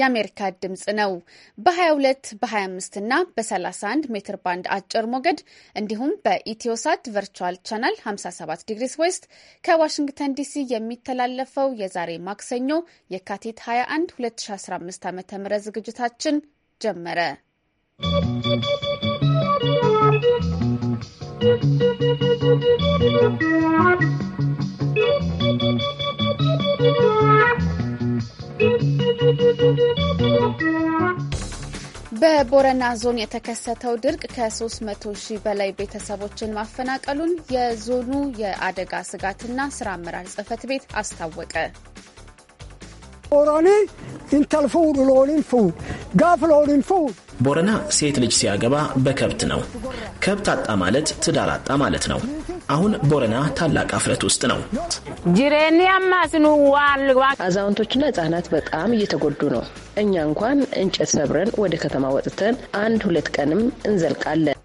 የአሜሪካ ድምፅ ነው። በ22 በ25 እና በ31 ሜትር ባንድ አጭር ሞገድ እንዲሁም በኢትዮሳት ቨርቹዋል ቻናል 57 ዲግሪስ ዌስት ከዋሽንግተን ዲሲ የሚተላለፈው የዛሬ ማክሰኞ የካቲት 21 2015 ዓ ም ዝግጅታችን ጀመረ። ¶¶ በቦረና ዞን የተከሰተው ድርቅ ከ300 ሺህ በላይ ቤተሰቦችን ማፈናቀሉን የዞኑ የአደጋ ስጋትና ስራ አመራር ጽህፈት ቤት አስታወቀ። ቦረና ሴት ልጅ ሲያገባ በከብት ነው። ከብት አጣ ማለት ትዳር አጣ ማለት ነው። አሁን ቦረና ታላቅ አፍረት ውስጥ ነው። አዛውንቶችና ህጻናት በጣም እየተጎዱ ነው። እኛ እንኳን እንጨት ሰብረን ወደ ከተማ ወጥተን አንድ ሁለት ቀንም እንዘልቃለን።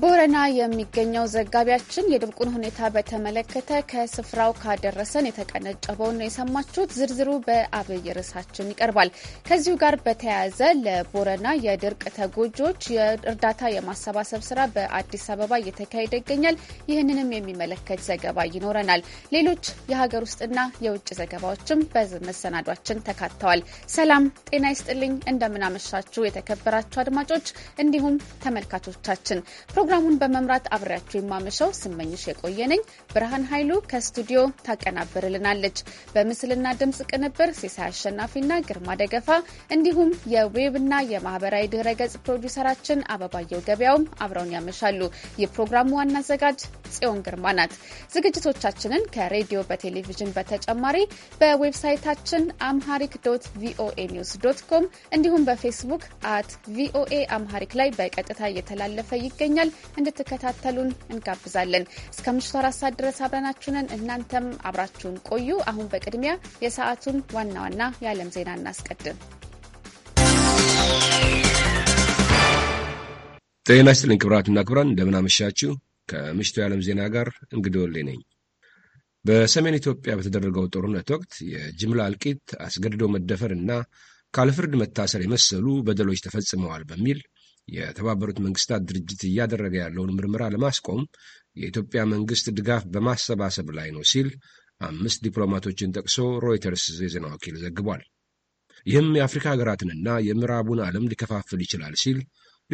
ቦረና የሚገኘው ዘጋቢያችን የድርቁን ሁኔታ በተመለከተ ከስፍራው ካደረሰን የተቀነጨበውን ነው የሰማችሁት። ዝርዝሩ በአብይ ርዕሳችን ይቀርባል። ከዚሁ ጋር በተያያዘ ለቦረና የድርቅ ተጎጂዎች የእርዳታ የማሰባሰብ ስራ በአዲስ አበባ እየተካሄደ ይገኛል። ይህንንም የሚመለከት ዘገባ ይኖረናል። ሌሎች የሀገር ውስጥና የውጭ ዘገባዎችም በመሰናዷችን ተካተዋል። ሰላም ጤና ይስጥልኝ። እንደምናመሻችሁ የተከበራችሁ አድማጮች እንዲሁም ተመልካቾቻችን ፕሮግራሙን በመምራት አብሬያቸው የማመሸው ስመኝሽ የቆየነኝ። ብርሃን ኃይሉ ከስቱዲዮ ታቀናብርልናለች። በምስልና ድምፅ ቅንብር ሲሳይ አሸናፊና ግርማ ደገፋ እንዲሁም የዌብና የማህበራዊ ድህረ ገጽ ፕሮዲውሰራችን አበባየው ገበያውም አብረውን ያመሻሉ። የፕሮግራሙ ዋና አዘጋጅ ጽዮን ግርማ ናት። ዝግጅቶቻችንን ከሬዲዮ በቴሌቪዥን በተጨማሪ በዌብሳይታችን አምሃሪክ ዶት ቪኦኤ ኒውስ ዶት ኮም እንዲሁም በፌስቡክ አት ቪኦኤ አምሃሪክ ላይ በቀጥታ እየተላለፈ ይገኛል። በመከታተል እንድትከታተሉን እንጋብዛለን። እስከ ምሽቱ አራት ሰዓት ድረስ አብረናችሁንን እናንተም አብራችሁን ቆዩ። አሁን በቅድሚያ የሰዓቱን ዋና ዋና የዓለም ዜና እናስቀድም። ጤና ይስጥልኝ ክብራትና ክብራን፣ እንደምናመሻችሁ። ከምሽቱ የዓለም ዜና ጋር እንግዲህ ወሌ ነኝ። በሰሜን ኢትዮጵያ በተደረገው ጦርነት ወቅት የጅምላ እልቂት፣ አስገድዶ መደፈር እና ካለፍርድ መታሰር የመሰሉ በደሎች ተፈጽመዋል በሚል የተባበሩት መንግስታት ድርጅት እያደረገ ያለውን ምርመራ ለማስቆም የኢትዮጵያ መንግስት ድጋፍ በማሰባሰብ ላይ ነው ሲል አምስት ዲፕሎማቶችን ጠቅሶ ሮይተርስ የዜና ወኪል ዘግቧል። ይህም የአፍሪካ ሀገራትንና የምዕራቡን ዓለም ሊከፋፍል ይችላል ሲል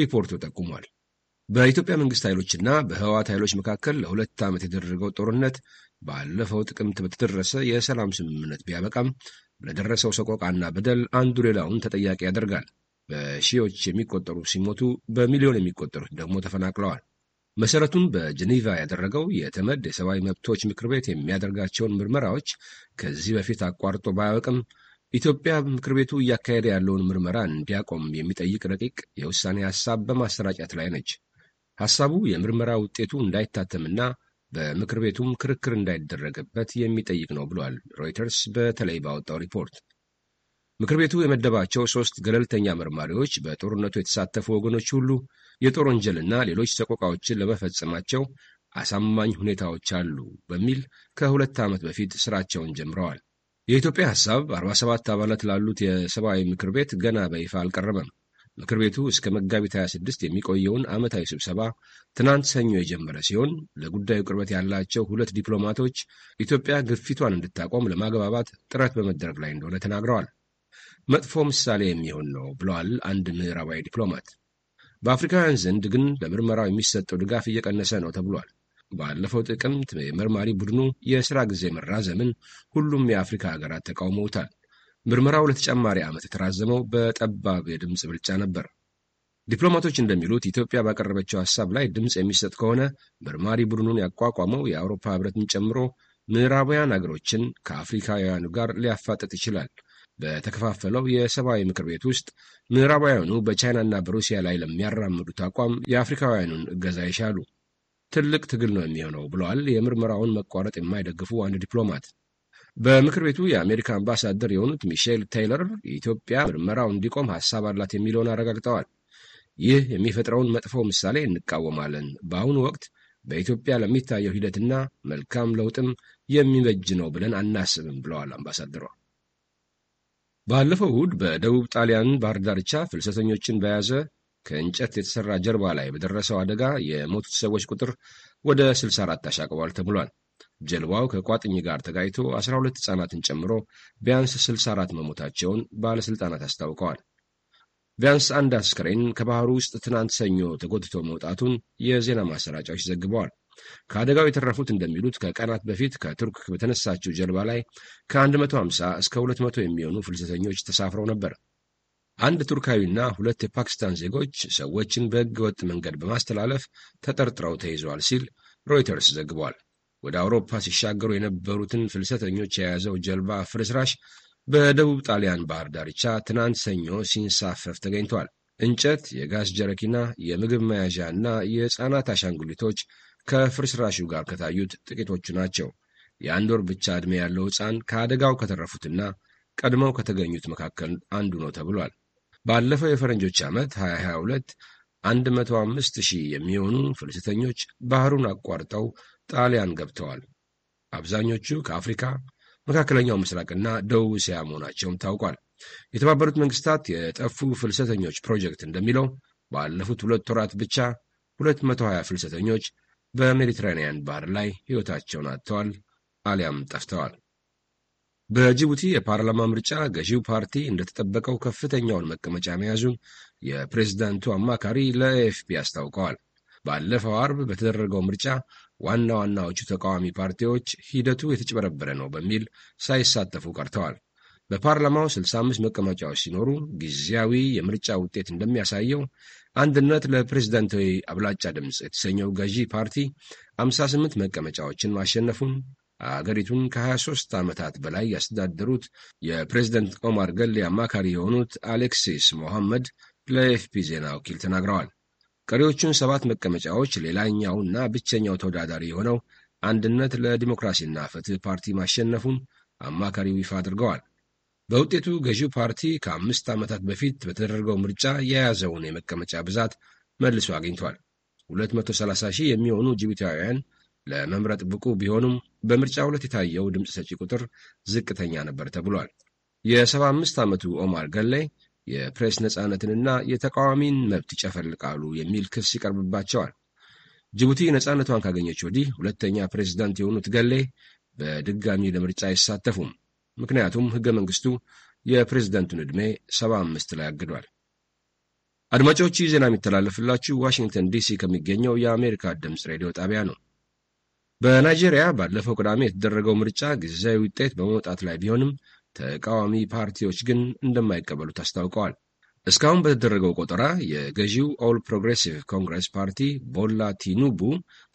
ሪፖርቱ ጠቁሟል። በኢትዮጵያ መንግስት ኃይሎችና በህወሓት ኃይሎች መካከል ለሁለት ዓመት የደረገው ጦርነት ባለፈው ጥቅምት በተደረሰ የሰላም ስምምነት ቢያበቃም ለደረሰው ሰቆቃና በደል አንዱ ሌላውን ተጠያቂ ያደርጋል። በሺዎች የሚቆጠሩ ሲሞቱ በሚሊዮን የሚቆጠሩት ደግሞ ተፈናቅለዋል። መሰረቱን በጀኔቫ ያደረገው የተመድ የሰብአዊ መብቶች ምክር ቤት የሚያደርጋቸውን ምርመራዎች ከዚህ በፊት አቋርጦ ባያውቅም ኢትዮጵያ ምክር ቤቱ እያካሄደ ያለውን ምርመራ እንዲያቆም የሚጠይቅ ረቂቅ የውሳኔ ሐሳብ በማሰራጨት ላይ ነች። ሐሳቡ የምርመራ ውጤቱ እንዳይታተምና በምክር ቤቱም ክርክር እንዳይደረግበት የሚጠይቅ ነው ብሏል ሮይተርስ በተለይ ባወጣው ሪፖርት። ምክር ቤቱ የመደባቸው ሦስት ገለልተኛ መርማሪዎች በጦርነቱ የተሳተፉ ወገኖች ሁሉ የጦር ወንጀልና ሌሎች ሰቆቃዎችን ለመፈጸማቸው አሳማኝ ሁኔታዎች አሉ በሚል ከሁለት ዓመት በፊት ሥራቸውን ጀምረዋል። የኢትዮጵያ ሐሳብ 47 አባላት ላሉት የሰብአዊ ምክር ቤት ገና በይፋ አልቀረበም። ምክር ቤቱ እስከ መጋቢት 26 የሚቆየውን ዓመታዊ ስብሰባ ትናንት ሰኞ የጀመረ ሲሆን ለጉዳዩ ቅርበት ያላቸው ሁለት ዲፕሎማቶች ኢትዮጵያ ግፊቷን እንድታቆም ለማግባባት ጥረት በመደረግ ላይ እንደሆነ ተናግረዋል። መጥፎ ምሳሌ የሚሆን ነው ብለዋል አንድ ምዕራባዊ ዲፕሎማት። በአፍሪካውያን ዘንድ ግን ለምርመራው የሚሰጠው ድጋፍ እየቀነሰ ነው ተብሏል። ባለፈው ጥቅምት የመርማሪ ቡድኑ የሥራ ጊዜ መራዘምን ሁሉም የአፍሪካ ሀገራት ተቃውመውታል። ምርመራው ለተጨማሪ ዓመት የተራዘመው በጠባብ የድምፅ ብልጫ ነበር። ዲፕሎማቶች እንደሚሉት ኢትዮጵያ ባቀረበችው ሐሳብ ላይ ድምፅ የሚሰጥ ከሆነ መርማሪ ቡድኑን ያቋቋመው የአውሮፓ ህብረትን ጨምሮ ምዕራባውያን አገሮችን ከአፍሪካውያኑ ጋር ሊያፋጥጥ ይችላል። በተከፋፈለው የሰብአዊ ምክር ቤት ውስጥ ምዕራባውያኑ በቻይናና በሩሲያ ላይ ለሚያራምዱት አቋም የአፍሪካውያኑን እገዛ ይሻሉ። ትልቅ ትግል ነው የሚሆነው ብለዋል የምርመራውን መቋረጥ የማይደግፉ አንድ ዲፕሎማት። በምክር ቤቱ የአሜሪካ አምባሳደር የሆኑት ሚሼል ታይለር ኢትዮጵያ ምርመራው እንዲቆም ሀሳብ አላት የሚለውን አረጋግጠዋል። ይህ የሚፈጥረውን መጥፎ ምሳሌ እንቃወማለን። በአሁኑ ወቅት በኢትዮጵያ ለሚታየው ሂደትና መልካም ለውጥም የሚበጅ ነው ብለን አናስብም ብለዋል አምባሳደሯ። ባለፈው እሁድ በደቡብ ጣሊያን ባህር ዳርቻ ፍልሰተኞችን በያዘ ከእንጨት የተሠራ ጀልባ ላይ በደረሰው አደጋ የሞቱት ሰዎች ቁጥር ወደ 64 አሻቅቧል ተብሏል። ጀልባው ከቋጥኝ ጋር ተጋይቶ 12 ሕፃናትን ጨምሮ ቢያንስ 64 መሞታቸውን ባለሥልጣናት አስታውቀዋል። ቢያንስ አንድ አስክሬን ከባህሩ ውስጥ ትናንት ሰኞ ተጎትቶ መውጣቱን የዜና ማሰራጫዎች ዘግበዋል። ከአደጋው የተረፉት እንደሚሉት ከቀናት በፊት ከቱርክ በተነሳችው ጀልባ ላይ ከ150 እስከ 200 የሚሆኑ ፍልሰተኞች ተሳፍረው ነበር። አንድ ቱርካዊና ሁለት የፓኪስታን ዜጎች ሰዎችን በሕገ ወጥ መንገድ በማስተላለፍ ተጠርጥረው ተይዘዋል ሲል ሮይተርስ ዘግቧል። ወደ አውሮፓ ሲሻገሩ የነበሩትን ፍልሰተኞች የያዘው ጀልባ ፍርስራሽ በደቡብ ጣሊያን ባህር ዳርቻ ትናንት ሰኞ ሲንሳፈፍ ተገኝቷል። እንጨት፣ የጋዝ ጀረኪና፣ የምግብ መያዣ እና የሕፃናት አሻንጉሊቶች ከፍርስራሹ ጋር ከታዩት ጥቂቶቹ ናቸው። የአንድ ወር ብቻ ዕድሜ ያለው ሕፃን ከአደጋው ከተረፉትና ቀድመው ከተገኙት መካከል አንዱ ነው ተብሏል። ባለፈው የፈረንጆች ዓመት 2022 105 ሺህ የሚሆኑ ፍልሰተኞች ባህሩን አቋርጠው ጣሊያን ገብተዋል። አብዛኞቹ ከአፍሪካ፣ መካከለኛው ምስራቅና ደቡብ እስያ መሆናቸውም ታውቋል። የተባበሩት መንግስታት የጠፉ ፍልሰተኞች ፕሮጀክት እንደሚለው ባለፉት ሁለት ወራት ብቻ 220 ፍልሰተኞች በሜዲትራኒያን ባህር ላይ ሕይወታቸውን አጥተዋል አሊያም ጠፍተዋል። በጅቡቲ የፓርላማ ምርጫ ገዢው ፓርቲ እንደተጠበቀው ከፍተኛውን መቀመጫ መያዙን የፕሬዝዳንቱ አማካሪ ለኤኤፍፒ አስታውቀዋል። ባለፈው አርብ በተደረገው ምርጫ ዋና ዋናዎቹ ተቃዋሚ ፓርቲዎች ሂደቱ የተጭበረበረ ነው በሚል ሳይሳተፉ ቀርተዋል። በፓርላማው 65 መቀመጫዎች ሲኖሩ ጊዜያዊ የምርጫ ውጤት እንደሚያሳየው አንድነት ለፕሬዝዳንታዊ አብላጫ ድምፅ የተሰኘው ገዢ ፓርቲ 58 መቀመጫዎችን ማሸነፉን አገሪቱን ከ23 ዓመታት በላይ ያስተዳደሩት የፕሬዝደንት ኦማር ገሌ አማካሪ የሆኑት አሌክሲስ ሞሐመድ ለኤፍፒ ዜና ወኪል ተናግረዋል። ቀሪዎቹን ሰባት መቀመጫዎች ሌላኛውና ብቸኛው ተወዳዳሪ የሆነው አንድነት ለዲሞክራሲና ፍትህ ፓርቲ ማሸነፉን አማካሪው ይፋ አድርገዋል። በውጤቱ ገዢው ፓርቲ ከአምስት ዓመታት በፊት በተደረገው ምርጫ የያዘውን የመቀመጫ ብዛት መልሶ አግኝቷል። 230 ሺህ የሚሆኑ ጅቡታውያን ለመምረጥ ብቁ ቢሆኑም በምርጫ ዕለት የታየው ድምፅ ሰጪ ቁጥር ዝቅተኛ ነበር ተብሏል። የ75 ዓመቱ ኦማር ገሌ የፕሬስ ነፃነትንና የተቃዋሚን መብት ይጨፈልቃሉ የሚል ክስ ይቀርብባቸዋል። ጅቡቲ ነፃነቷን ካገኘች ወዲህ ሁለተኛ ፕሬዝዳንት የሆኑት ገሌ በድጋሚ ለምርጫ አይሳተፉም። ምክንያቱም ህገ መንግስቱ የፕሬዝደንቱን ዕድሜ 75 ላይ አግዷል። አድማጮች ይህ ዜና የሚተላለፍላችሁ ዋሽንግተን ዲሲ ከሚገኘው የአሜሪካ ድምፅ ሬዲዮ ጣቢያ ነው። በናይጄሪያ ባለፈው ቅዳሜ የተደረገው ምርጫ ጊዜያዊ ውጤት በመውጣት ላይ ቢሆንም ተቃዋሚ ፓርቲዎች ግን እንደማይቀበሉት አስታውቀዋል። እስካሁን በተደረገው ቆጠራ የገዢው ኦል ፕሮግሬሲቭ ኮንግረስ ፓርቲ ቦላ ቲኑቡ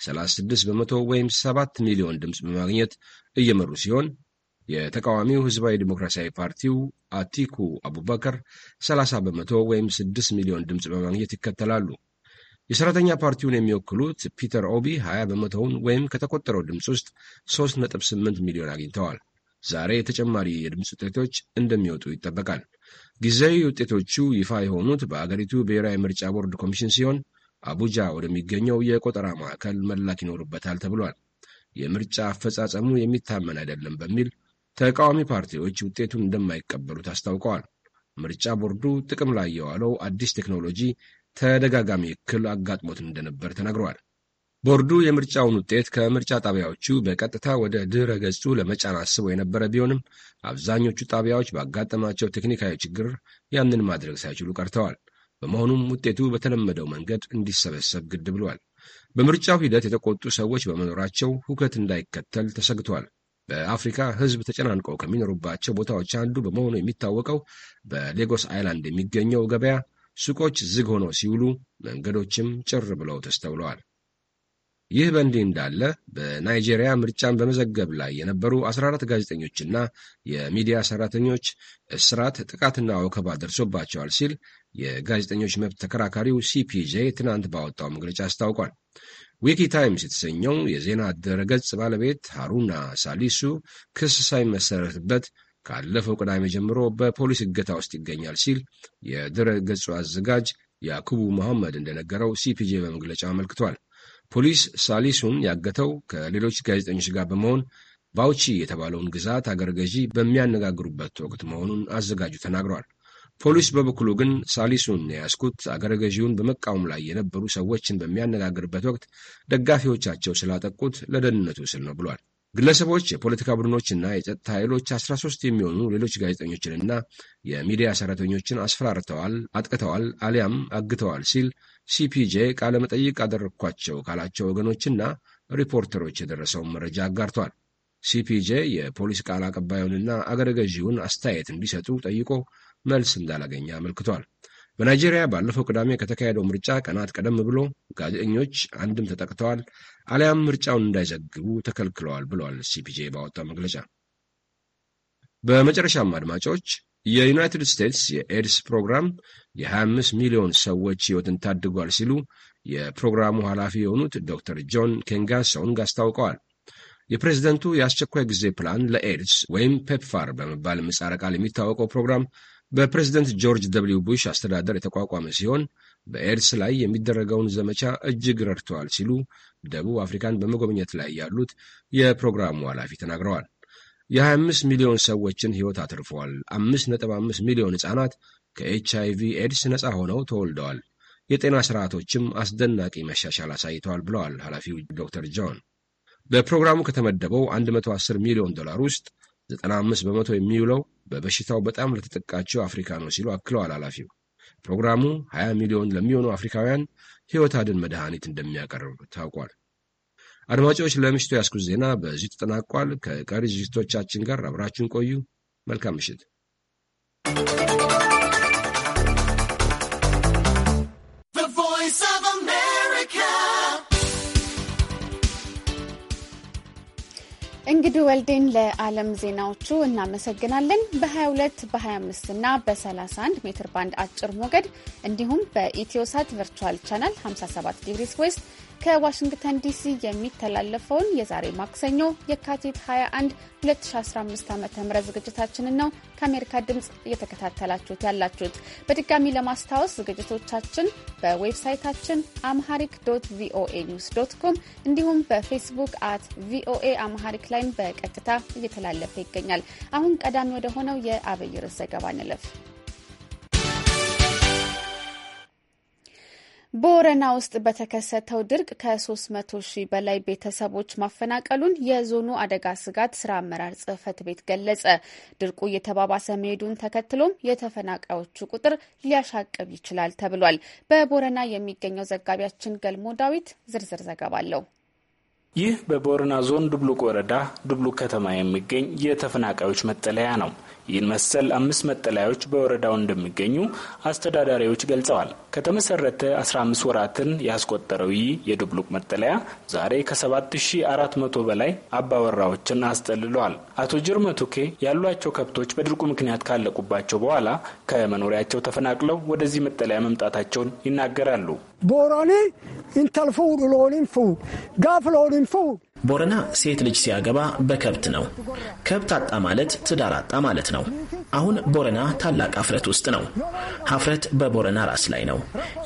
36 በመቶ ወይም 7 ሚሊዮን ድምፅ በማግኘት እየመሩ ሲሆን የተቃዋሚው ህዝባዊ ዲሞክራሲያዊ ፓርቲው አቲኩ አቡበከር 30 በመቶ ወይም 6 ሚሊዮን ድምፅ በማግኘት ይከተላሉ። የሰራተኛ ፓርቲውን የሚወክሉት ፒተር ኦቢ 20 በመቶውን ወይም ከተቆጠረው ድምፅ ውስጥ 3.8 ሚሊዮን አግኝተዋል። ዛሬ ተጨማሪ የድምፅ ውጤቶች እንደሚወጡ ይጠበቃል። ጊዜያዊ ውጤቶቹ ይፋ የሆኑት በአገሪቱ ብሔራዊ ምርጫ ቦርድ ኮሚሽን ሲሆን አቡጃ ወደሚገኘው የቆጠራ ማዕከል መላክ ይኖርበታል ተብሏል። የምርጫ አፈጻጸሙ የሚታመን አይደለም በሚል ተቃዋሚ ፓርቲዎች ውጤቱን እንደማይቀበሉት አስታውቀዋል። ምርጫ ቦርዱ ጥቅም ላይ የዋለው አዲስ ቴክኖሎጂ ተደጋጋሚ እክል አጋጥሞት እንደነበር ተናግረዋል። ቦርዱ የምርጫውን ውጤት ከምርጫ ጣቢያዎቹ በቀጥታ ወደ ድረ ገጹ ለመጫን አስቦ የነበረ ቢሆንም አብዛኞቹ ጣቢያዎች ባጋጠማቸው ቴክኒካዊ ችግር ያንን ማድረግ ሳይችሉ ቀርተዋል። በመሆኑም ውጤቱ በተለመደው መንገድ እንዲሰበሰብ ግድ ብሏል። በምርጫው ሂደት የተቆጡ ሰዎች በመኖራቸው ሁከት እንዳይከተል ተሰግቷል። በአፍሪካ ሕዝብ ተጨናንቀው ከሚኖሩባቸው ቦታዎች አንዱ በመሆኑ የሚታወቀው በሌጎስ አይላንድ የሚገኘው ገበያ ሱቆች ዝግ ሆነው ሲውሉ መንገዶችም ጭር ብለው ተስተውለዋል። ይህ በእንዲህ እንዳለ በናይጄሪያ ምርጫን በመዘገብ ላይ የነበሩ 14 ጋዜጠኞችና የሚዲያ ሰራተኞች እስራት፣ ጥቃትና ወከባ ደርሶባቸዋል ሲል የጋዜጠኞች መብት ተከራካሪው ሲፒጄ ትናንት ባወጣው መግለጫ አስታውቋል። ዊኪ ታይምስ የተሰኘው የዜና ድረገጽ ባለቤት ሃሩና ሳሊሱ ክስ ሳይመሰረትበት ካለፈው ቅዳሜ ጀምሮ በፖሊስ እገታ ውስጥ ይገኛል ሲል የድረ ገጹ አዘጋጅ ያኩቡ መሐመድ እንደነገረው ሲፒጄ በመግለጫ አመልክቷል። ፖሊስ ሳሊሱን ያገተው ከሌሎች ጋዜጠኞች ጋር በመሆን ባውቺ የተባለውን ግዛት አገር ገዢ በሚያነጋግሩበት ወቅት መሆኑን አዘጋጁ ተናግሯል። ፖሊስ በበኩሉ ግን ሳሊሱን የያዝኩት አገረ ገዢውን በመቃወም ላይ የነበሩ ሰዎችን በሚያነጋግርበት ወቅት ደጋፊዎቻቸው ስላጠቁት ለደህንነቱ ስል ነው ብሏል። ግለሰቦች፣ የፖለቲካ ቡድኖችና የጸጥታ ኃይሎች 13 የሚሆኑ ሌሎች ጋዜጠኞችንና የሚዲያ ሰራተኞችን አስፈራርተዋል፣ አጥቅተዋል፣ አሊያም አግተዋል ሲል ሲፒጄ ቃለ መጠይቅ አደረግኳቸው ካላቸው ወገኖችና ሪፖርተሮች የደረሰውን መረጃ አጋርቷል። ሲፒጄ የፖሊስ ቃል አቀባዩንና አገረ ገዢውን አስተያየት እንዲሰጡ ጠይቆ መልስ እንዳላገኘ አመልክቷል። በናይጄሪያ ባለፈው ቅዳሜ ከተካሄደው ምርጫ ቀናት ቀደም ብሎ ጋዜጠኞች አንድም ተጠቅተዋል አሊያም ምርጫውን እንዳይዘግቡ ተከልክለዋል ብለዋል ሲፒጄ ባወጣው መግለጫ። በመጨረሻም አድማጮች የዩናይትድ ስቴትስ የኤድስ ፕሮግራም የ25 ሚሊዮን ሰዎች ሕይወትን ታድጓል ሲሉ የፕሮግራሙ ኃላፊ የሆኑት ዶክተር ጆን ኬንጋሶንግ አስታውቀዋል። የፕሬዝደንቱ የአስቸኳይ ጊዜ ፕላን ለኤድስ ወይም ፔፕፋር በመባል ምጻረ ቃል የሚታወቀው ፕሮግራም በፕሬዝደንት ጆርጅ ደብሊው ቡሽ አስተዳደር የተቋቋመ ሲሆን በኤድስ ላይ የሚደረገውን ዘመቻ እጅግ ረድተዋል ሲሉ ደቡብ አፍሪካን በመጎብኘት ላይ ያሉት የፕሮግራሙ ኃላፊ ተናግረዋል። የ25 ሚሊዮን ሰዎችን ሕይወት አትርፈዋል። 5.5 ሚሊዮን ሕፃናት ከኤች አይቪ ኤድስ ነፃ ሆነው ተወልደዋል። የጤና ሥርዓቶችም አስደናቂ መሻሻል አሳይተዋል ብለዋል ኃላፊው ዶክተር ጆን። በፕሮግራሙ ከተመደበው 110 ሚሊዮን ዶላር ውስጥ 95 በመቶ የሚውለው በበሽታው በጣም ለተጠቃቸው አፍሪካ ነው ሲሉ አክለዋል ኃላፊው። ፕሮግራሙ 20 ሚሊዮን ለሚሆኑ አፍሪካውያን ሕይወት አድን መድኃኒት እንደሚያቀርብ ታውቋል። አድማጮች፣ ለምሽቱ ያስኩት ዜና በዚሁ ተጠናቋል። ከቀሪ ዝግጅቶቻችን ጋር አብራችሁን ቆዩ። መልካም ምሽት። እንግዲህ ወልዴን ለዓለም ዜናዎቹ እናመሰግናለን። በ22 በ25 እና በ31 ሜትር ባንድ አጭር ሞገድ እንዲሁም በኢትዮሳት ቨርቹዋል ቻናል 57 ዲግሪስ ዌስት ከዋሽንግተን ዲሲ የሚተላለፈውን የዛሬ ማክሰኞ የካቲት 21 2015 ዓ ም ዝግጅታችንን ነው ከአሜሪካ ድምፅ እየተከታተላችሁት ያላችሁት። በድጋሚ ለማስታወስ ዝግጅቶቻችን በዌብሳይታችን አምሃሪክ ዶት ቪኦኤ ኒውስ ዶት ኮም እንዲሁም በፌስቡክ አት ቪኦኤ አምሃሪክ ላይም በቀጥታ እየተላለፈ ይገኛል። አሁን ቀዳሚ ወደ ሆነው የአብይ ርዕስ ዘገባ እንለፍ። በወረና ውስጥ በተከሰተው ድርቅ ከ300 ሺህ በላይ ቤተሰቦች ማፈናቀሉን የዞኑ አደጋ ስጋት ስራ አመራር ጽህፈት ቤት ገለጸ። ድርቁ እየተባባሰ መሄዱን ተከትሎም የተፈናቃዮቹ ቁጥር ሊያሻቅብ ይችላል ተብሏል። በቦረና የሚገኘው ዘጋቢያችን ገልሞ ዳዊት ዝርዝር ዘገባ አለው። ይህ በቦረና ዞን ዱብሉቅ ወረዳ ዱብሉቅ ከተማ የሚገኝ የተፈናቃዮች መጠለያ ነው። ይህን መሰል አምስት መጠለያዎች በወረዳው እንደሚገኙ አስተዳዳሪዎች ገልጸዋል። ከተመሰረተ 15 ወራትን ያስቆጠረው ይህ የዱብሉቅ መጠለያ ዛሬ ከ7400 በላይ አባወራዎችን አስጠልለዋል። አቶ ቱኬ ያሏቸው ከብቶች በድርቁ ምክንያት ካለቁባቸው በኋላ ከመኖሪያቸው ተፈናቅለው ወደዚህ መጠለያ መምጣታቸውን ይናገራሉ። ቦራኔ ኢንተልፉ ሎኒንፉ ጋፍ ሎኒንፉ ቦረና ሴት ልጅ ሲያገባ በከብት ነው። ከብት አጣ ማለት ትዳር አጣ ማለት ነው። አሁን ቦረና ታላቅ ሀፍረት ውስጥ ነው። ሀፍረት በቦረና ራስ ላይ ነው።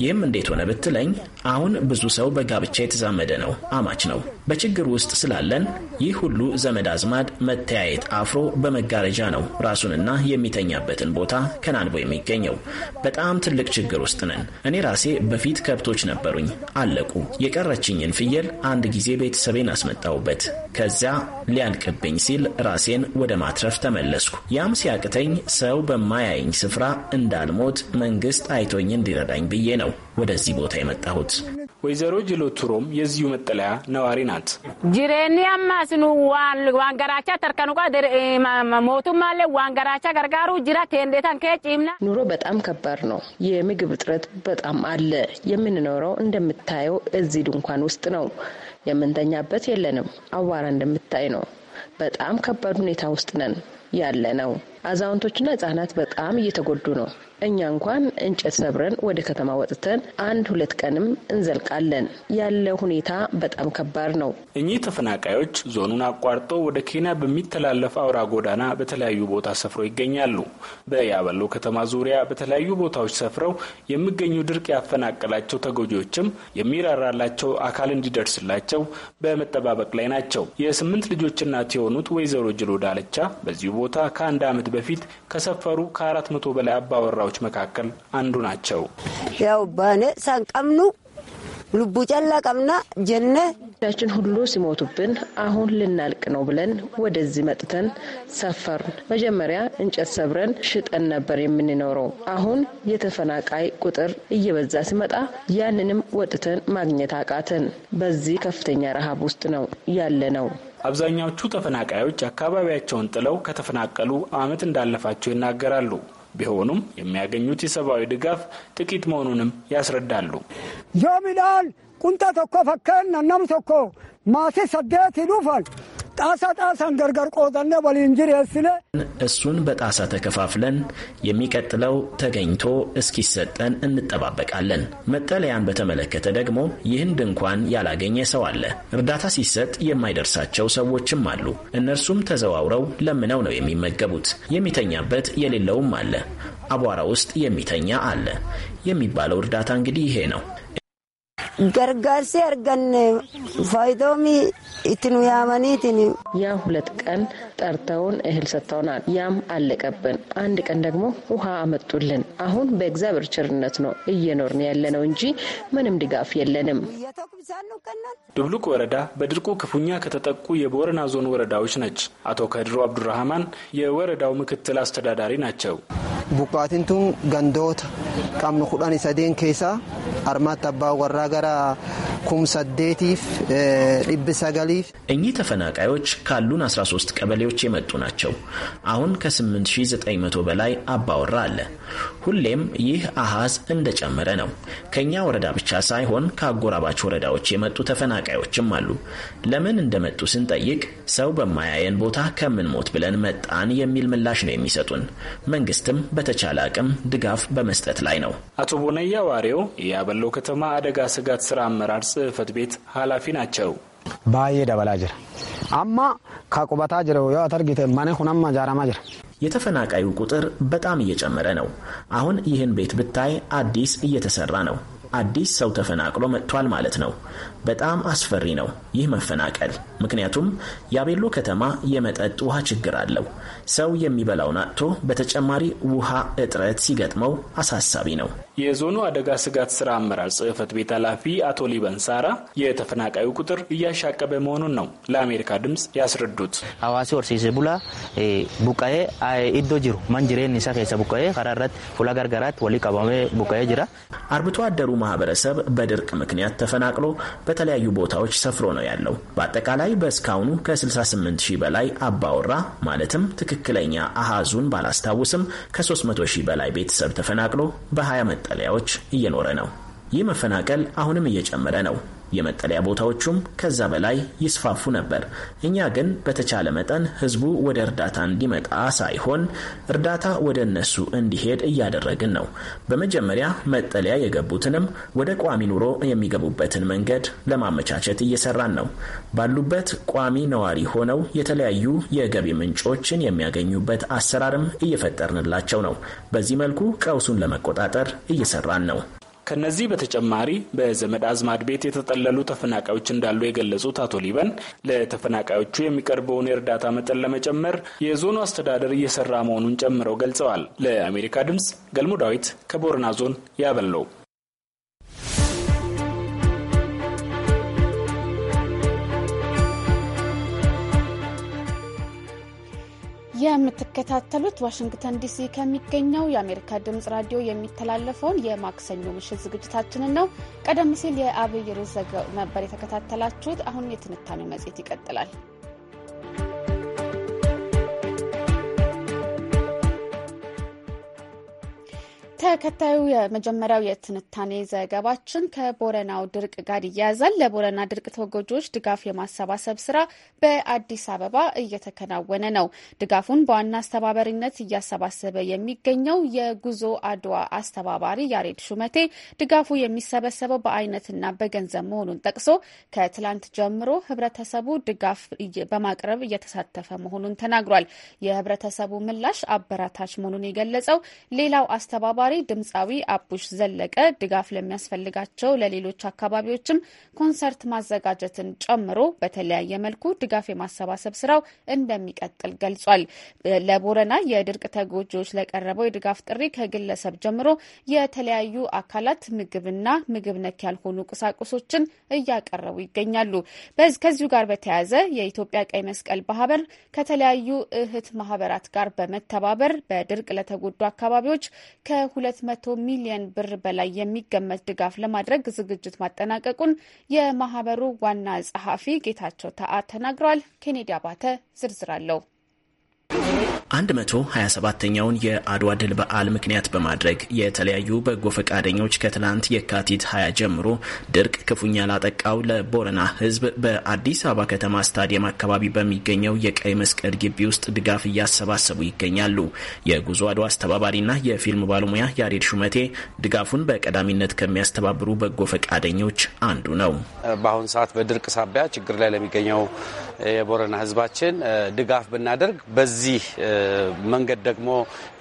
ይህም እንዴት ሆነ ብትለኝ፣ አሁን ብዙ ሰው በጋብቻ የተዛመደ ነው፣ አማች ነው። በችግር ውስጥ ስላለን ይህ ሁሉ ዘመድ አዝማድ መተያየት አፍሮ በመጋረጃ ነው ራሱንና የሚተኛበትን ቦታ ከናንቦ የሚገኘው። በጣም ትልቅ ችግር ውስጥ ነን። እኔ ራሴ በፊት ከብቶች ነበሩኝ፣ አለቁ። የቀረችኝን ፍየል አንድ ጊዜ ቤተሰቤን አስመጣሁበት። ከዚያ ሊያልቅብኝ ሲል ራሴን ወደ ማትረፍ ተመለስኩ። ያም ሲያቅተኝ ሰው በማያይኝ ስፍራ እንዳልሞት መንግስት አይቶኝ እንዲረዳኝ ብዬ ነው ወደዚህ ቦታ የመጣሁት። ወይዘሮ ጅሎቱሮም የዚሁ መጠለያ ነዋሪ ናት። ጅሬኒ አማስኑ ዋንገራቻ ተርከኑቃ ሞቱም አለ ዋንገራቻ ገርጋሩ ጅራ ቴንዴታን ከጭምና ኑሮ በጣም ከባድ ነው። የምግብ እጥረት በጣም አለ። የምንኖረው እንደምታየው እዚህ ድንኳን ውስጥ ነው። የምንተኛበት የለንም። አዋራ እንደምታይ ነው። በጣም ከባድ ሁኔታ ውስጥ ነን ያለ ነው። አዛውንቶችና ህጻናት በጣም እየተጎዱ ነው። እኛ እንኳን እንጨት ሰብረን ወደ ከተማ ወጥተን አንድ ሁለት ቀንም እንዘልቃለን። ያለ ሁኔታ በጣም ከባድ ነው። እኚህ ተፈናቃዮች ዞኑን አቋርጠው ወደ ኬንያ በሚተላለፍ አውራ ጎዳና በተለያዩ ቦታ ሰፍረው ይገኛሉ። በያበሎ ከተማ ዙሪያ በተለያዩ ቦታዎች ሰፍረው የሚገኙ ድርቅ ያፈናቀላቸው ተጎጂዎችም የሚራራላቸው አካል እንዲደርስላቸው በመጠባበቅ ላይ ናቸው። የስምንት ልጆች እናት የሆኑት ወይዘሮ ጅሎ ዳለቻ በዚሁ ቦታ ከአንድ ዓመት በፊት ከሰፈሩ ከአራት መቶ በላይ አባወራዎች ባለሙያዎች መካከል አንዱ ናቸው። ያው ባኔ ሳንቀምኑ ልቡ ጨላ ቀምና ጀነ ቻችን ሁሉ ሲሞቱብን አሁን ልናልቅ ነው ብለን ወደዚህ መጥተን ሰፈርን። መጀመሪያ እንጨት ሰብረን ሽጠን ነበር የምንኖረው። አሁን የተፈናቃይ ቁጥር እየበዛ ሲመጣ ያንንም ወጥተን ማግኘት አቃተን። በዚህ ከፍተኛ ረሃብ ውስጥ ነው ያለ ነው። አብዛኛዎቹ ተፈናቃዮች አካባቢያቸውን ጥለው ከተፈናቀሉ ዓመት እንዳለፋቸው ይናገራሉ። ቢሆኑም የሚያገኙት የሰብአዊ ድጋፍ ጥቂት መሆኑንም ያስረዳሉ። ዮሚዳል ቁንጣ ተኮ ፈከን ናናም ተኮ ማሴ ሰደት ይሉፋል ጣሳ ጣሳን ገርገር ቆጠነ ወሊንጅር የስነ እሱን በጣሳ ተከፋፍለን የሚቀጥለው ተገኝቶ እስኪሰጠን እንጠባበቃለን። መጠለያን በተመለከተ ደግሞ ይህን ድንኳን ያላገኘ ሰው አለ። እርዳታ ሲሰጥ የማይደርሳቸው ሰዎችም አሉ። እነርሱም ተዘዋውረው ለምነው ነው የሚመገቡት። የሚተኛበት የሌለውም አለ። አቧራ ውስጥ የሚተኛ አለ የሚባለው እርዳታ እንግዲህ ይሄ ነው። ገርጋርሴ አርገን ፋይዶሚ ኢትኑ ያመኒትን ያ ሁለት ቀን ጠርተውን እህል ሰጥተውናል። ያም አለቀብን። አንድ ቀን ደግሞ ውሃ አመጡልን። አሁን በእግዚአብሔር ቸርነት ነው እየኖርን ያለነው እንጂ ምንም ድጋፍ የለንም። ድብሉቅ ወረዳ በድርቁ ክፉኛ ከተጠቁ የቦረና ዞን ወረዳዎች ነች። አቶ ከድሮ አብዱራህማን የወረዳው ምክትል አስተዳዳሪ ናቸው። ቡቃቲንቱን ገንዶት ቃምኑ ኩዳን ሰዴን ኬሳ አርማት አባ ወራ እኚህ ተፈናቃዮች ካሉን 13 ቀበሌዎች የመጡ ናቸው። አሁን ከ8900 በላይ አባወራ አለ። ሁሌም ይህ አሃዝ እንደጨመረ ነው። ከእኛ ወረዳ ብቻ ሳይሆን ከአጎራባች ወረዳዎች የመጡ ተፈናቃዮችም አሉ። ለምን እንደመጡ ስንጠይቅ ሰው በማያየን ቦታ ከምን ሞት ብለን መጣን የሚል ምላሽ ነው የሚሰጡን። መንግስትም በተቻለ አቅም ድጋፍ በመስጠት ላይ ነው። አቶ ቦነያ ዋሬው የአበሎ ከተማ አደጋ ስጋ የትጋት ስራ አመራር ጽህፈት ቤት ኃላፊ ናቸው። ባዬ ደበላ ጅር አማ ካቁበታ ጅረው ያው ተርጊተ ማኔ ሁናማ ጃራማ ጅር የተፈናቃዩ ቁጥር በጣም እየጨመረ ነው። አሁን ይህን ቤት ብታይ አዲስ እየተሰራ ነው። አዲስ ሰው ተፈናቅሎ መጥቷል ማለት ነው። በጣም አስፈሪ ነው ይህ መፈናቀል። ምክንያቱም የአቤሎ ከተማ የመጠጥ ውሃ ችግር አለው። ሰው የሚበላውን አጥቶ በተጨማሪ ውሃ እጥረት ሲገጥመው አሳሳቢ ነው። የዞኑ አደጋ ስጋት ስራ አመራር ጽህፈት ቤት ኃላፊ አቶ ሊበን ሳራ የተፈናቃዩ ቁጥር እያሻቀበ መሆኑን ነው ለአሜሪካ ድምፅ ያስረዱት። አዋሲ ወርሴ ቡላ ቡቃዬ ኢዶ ጅሩ መንጅሬን ኒሳ ከሰ ቡቃዬ ከራረት ፉላ ጋርጋራት ወሊ ቀባሜ ጅራ አርብቶ አደሩ ማህበረሰብ በድርቅ ምክንያት ተፈናቅሎ በተለያዩ ቦታዎች ሰፍሮ ነው ያለው። በአጠቃላይ በእስካሁኑ ከ68 ሺህ በላይ አባወራ ማለትም ትክክለኛ አሃዙን ባላስታውስም ከ300 ሺህ በላይ ቤተሰብ ተፈናቅሎ በ20 መጠለያዎች እየኖረ ነው። ይህ መፈናቀል አሁንም እየጨመረ ነው። የመጠለያ ቦታዎቹም ከዛ በላይ ይስፋፉ ነበር። እኛ ግን በተቻለ መጠን ህዝቡ ወደ እርዳታ እንዲመጣ ሳይሆን እርዳታ ወደ እነሱ እንዲሄድ እያደረግን ነው። በመጀመሪያ መጠለያ የገቡትንም ወደ ቋሚ ኑሮ የሚገቡበትን መንገድ ለማመቻቸት እየሰራን ነው። ባሉበት ቋሚ ነዋሪ ሆነው የተለያዩ የገቢ ምንጮችን የሚያገኙበት አሰራርም እየፈጠርንላቸው ነው። በዚህ መልኩ ቀውሱን ለመቆጣጠር እየሰራን ነው። ከነዚህ በተጨማሪ በዘመድ አዝማድ ቤት የተጠለሉ ተፈናቃዮች እንዳሉ የገለጹት አቶ ሊበን ለተፈናቃዮቹ የሚቀርበውን የእርዳታ መጠን ለመጨመር የዞኑ አስተዳደር እየሰራ መሆኑን ጨምረው ገልጸዋል። ለአሜሪካ ድምጽ ገልሞ ዳዊት ከቦረና ዞን ያበለው የምትከታተሉት ዋሽንግተን ዲሲ ከሚገኘው የአሜሪካ ድምጽ ራዲዮ የሚተላለፈውን የማክሰኞ ምሽት ዝግጅታችንን ነው። ቀደም ሲል የአብይ ርዕስ ነበር የተከታተላችሁት። አሁን የትንታኔው መጽሔት ይቀጥላል። ተከታዩ የመጀመሪያው የትንታኔ ዘገባችን ከቦረናው ድርቅ ጋር ይያያዛል። ለቦረና ድርቅ ተጎጂዎች ድጋፍ የማሰባሰብ ስራ በአዲስ አበባ እየተከናወነ ነው። ድጋፉን በዋና አስተባባሪነት እያሰባሰበ የሚገኘው የጉዞ አድዋ አስተባባሪ ያሬድ ሹመቴ ድጋፉ የሚሰበሰበው በአይነትና በገንዘብ መሆኑን ጠቅሶ ከትላንት ጀምሮ ህብረተሰቡ ድጋፍ በማቅረብ እየተሳተፈ መሆኑን ተናግሯል። የህብረተሰቡ ምላሽ አበራታች መሆኑን የገለጸው ሌላው አስተባባሪ በተጨማሪ ድምፃዊ አቡሽ ዘለቀ ድጋፍ ለሚያስፈልጋቸው ለሌሎች አካባቢዎችም ኮንሰርት ማዘጋጀትን ጨምሮ በተለያየ መልኩ ድጋፍ የማሰባሰብ ስራው እንደሚቀጥል ገልጿል። ለቦረና የድርቅ ተጎጂዎች ለቀረበው የድጋፍ ጥሪ ከግለሰብ ጀምሮ የተለያዩ አካላት ምግብና ምግብ ነክ ያልሆኑ ቁሳቁሶችን እያቀረቡ ይገኛሉ። ከዚሁ ጋር በተያያዘ የኢትዮጵያ ቀይ መስቀል ማህበር ከተለያዩ እህት ማህበራት ጋር በመተባበር በድርቅ ለተጎዱ አካባቢዎች ከሁ ከ200 ሚሊዮን ብር በላይ የሚገመት ድጋፍ ለማድረግ ዝግጅት ማጠናቀቁን የማህበሩ ዋና ጸሐፊ ጌታቸው ተአ ተናግረዋል። ኬኔዲ አባተ ዝርዝር አለው። 127ኛውን የአድዋ ድል በዓል ምክንያት በማድረግ የተለያዩ በጎ ፈቃደኞች ከትናንት የካቲት 20 ጀምሮ ድርቅ ክፉኛ ላጠቃው ለቦረና ሕዝብ በአዲስ አበባ ከተማ ስታዲየም አካባቢ በሚገኘው የቀይ መስቀል ግቢ ውስጥ ድጋፍ እያሰባሰቡ ይገኛሉ። የጉዞ አድዋ አስተባባሪና የፊልም ባለሙያ ያሬድ ሹመቴ ድጋፉን በቀዳሚነት ከሚያስተባብሩ በጎ ፈቃደኞች አንዱ ነው። በአሁኑ ሰዓት በድርቅ ሳቢያ ችግር ላይ ለሚገኘው የቦረና ህዝባችን ድጋፍ ብናደርግ በዚህ መንገድ ደግሞ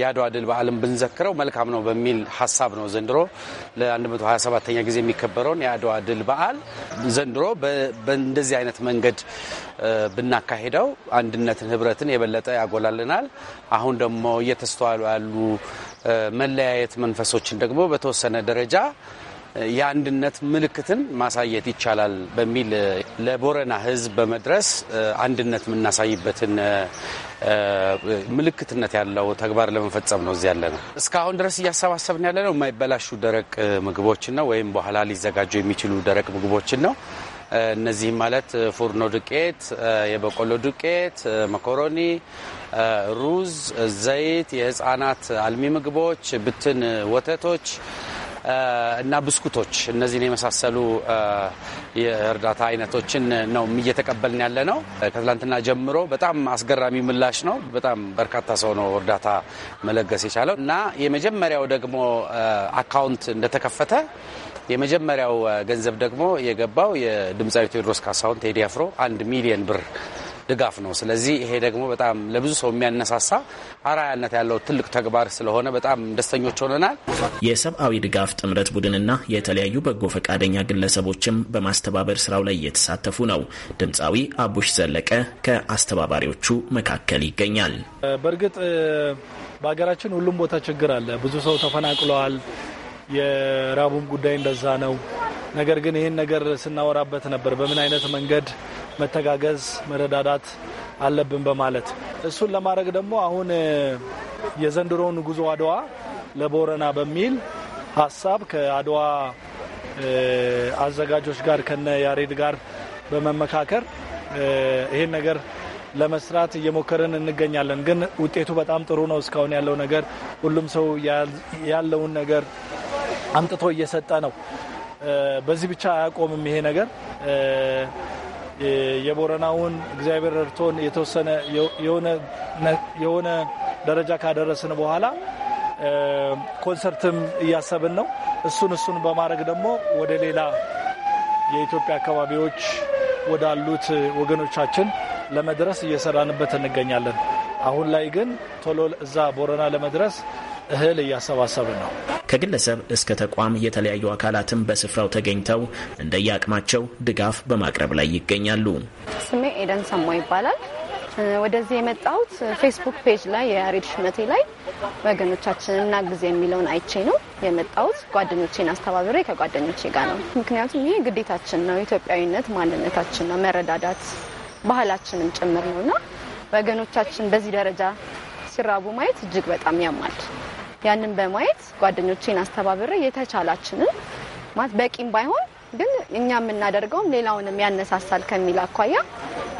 የአድዋ ድል በዓልን ብንዘክረው መልካም ነው በሚል ሀሳብ ነው ዘንድሮ ለ127ኛ ጊዜ የሚከበረውን የአድዋ ድል በዓል ዘንድሮ በእንደዚህ አይነት መንገድ ብናካሄደው አንድነትን፣ ህብረትን የበለጠ ያጎላልናል። አሁን ደግሞ እየተስተዋሉ ያሉ መለያየት መንፈሶችን ደግሞ በተወሰነ ደረጃ የአንድነት ምልክትን ማሳየት ይቻላል በሚል ለቦረና ህዝብ በመድረስ አንድነት የምናሳይበትን ምልክትነት ያለው ተግባር ለመፈጸም ነው እዚህ ያለ ነው። እስካሁን ድረስ እያሰባሰብን ያለ ነው የማይበላሹ ደረቅ ምግቦችን ነው ወይም በኋላ ሊዘጋጁ የሚችሉ ደረቅ ምግቦችን ነው። እነዚህም ማለት ፉርኖ ዱቄት፣ የበቆሎ ዱቄት፣ መኮሮኒ፣ ሩዝ፣ ዘይት፣ የህፃናት አልሚ ምግቦች፣ ብትን ወተቶች እና ብስኩቶች እነዚህን የመሳሰሉ የእርዳታ አይነቶችን ነው እየተቀበልን ያለ ነው። ከትላንትና ጀምሮ በጣም አስገራሚ ምላሽ ነው። በጣም በርካታ ሰው ነው እርዳታ መለገስ የቻለው እና የመጀመሪያው ደግሞ አካውንት እንደተከፈተ የመጀመሪያው ገንዘብ ደግሞ የገባው የድምፃዊ ቴዎድሮስ ካሳሁን ቴዲ አፍሮ አንድ ሚሊየን ብር ድጋፍ ነው። ስለዚህ ይሄ ደግሞ በጣም ለብዙ ሰው የሚያነሳሳ አራያነት ያለው ትልቅ ተግባር ስለሆነ በጣም ደስተኞች ሆነናል። የሰብአዊ ድጋፍ ጥምረት ቡድንና የተለያዩ በጎ ፈቃደኛ ግለሰቦችም በማስተባበር ስራው ላይ እየተሳተፉ ነው። ድምፃዊ አቡሽ ዘለቀ ከአስተባባሪዎቹ መካከል ይገኛል። በእርግጥ በሀገራችን ሁሉም ቦታ ችግር አለ። ብዙ ሰው ተፈናቅለዋል። የራቡም ጉዳይ እንደዛ ነው። ነገር ግን ይህን ነገር ስናወራበት ነበር በምን አይነት መንገድ መተጋገዝ፣ መረዳዳት አለብን በማለት እሱን ለማድረግ ደግሞ አሁን የዘንድሮውን ጉዞ አድዋ ለቦረና በሚል ሀሳብ ከአድዋ አዘጋጆች ጋር ከነ ያሬድ ጋር በመመካከር ይሄን ነገር ለመስራት እየሞከርን እንገኛለን። ግን ውጤቱ በጣም ጥሩ ነው። እስካሁን ያለው ነገር ሁሉም ሰው ያለውን ነገር አምጥቶ እየሰጠ ነው። በዚህ ብቻ አያቆምም ይሄ ነገር የቦረናውን እግዚአብሔር ረድቶን የተወሰነ የሆነ ደረጃ ካደረስን በኋላ ኮንሰርትም እያሰብን ነው። እሱን እሱን በማድረግ ደግሞ ወደ ሌላ የኢትዮጵያ አካባቢዎች ወዳሉት ወገኖቻችን ለመድረስ እየሰራንበት እንገኛለን። አሁን ላይ ግን ቶሎ እዛ ቦረና ለመድረስ እህል እያሰባሰብን ነው። ከግለሰብ እስከ ተቋም የተለያዩ አካላትም በስፍራው ተገኝተው እንደየአቅማቸው ድጋፍ በማቅረብ ላይ ይገኛሉ። ስሜ ኤደን ሰማ ይባላል። ወደዚህ የመጣሁት ፌስቡክ ፔጅ ላይ የያሬድ ሽመቴ ላይ ወገኖቻችን ጊዜ የሚለውን አይቼ ነው የመጣሁት። ጓደኞቼን አስተባብሬ ከጓደኞቼ ጋር ነው። ምክንያቱም ይሄ ግዴታችን ነው፣ ኢትዮጵያዊነት ማንነታችን ነው፣ መረዳዳት ባህላችንም ጭምር ነውና ወገኖቻችን በዚህ ደረጃ ሲራቡ ማየት እጅግ በጣም ያማል። ያንን በማየት ጓደኞቼን አስተባብሬ የተቻላችንን ማለት በቂም ባይሆን ግን እኛ የምናደርገውም ሌላውንም ያነሳሳል ከሚል አኳያ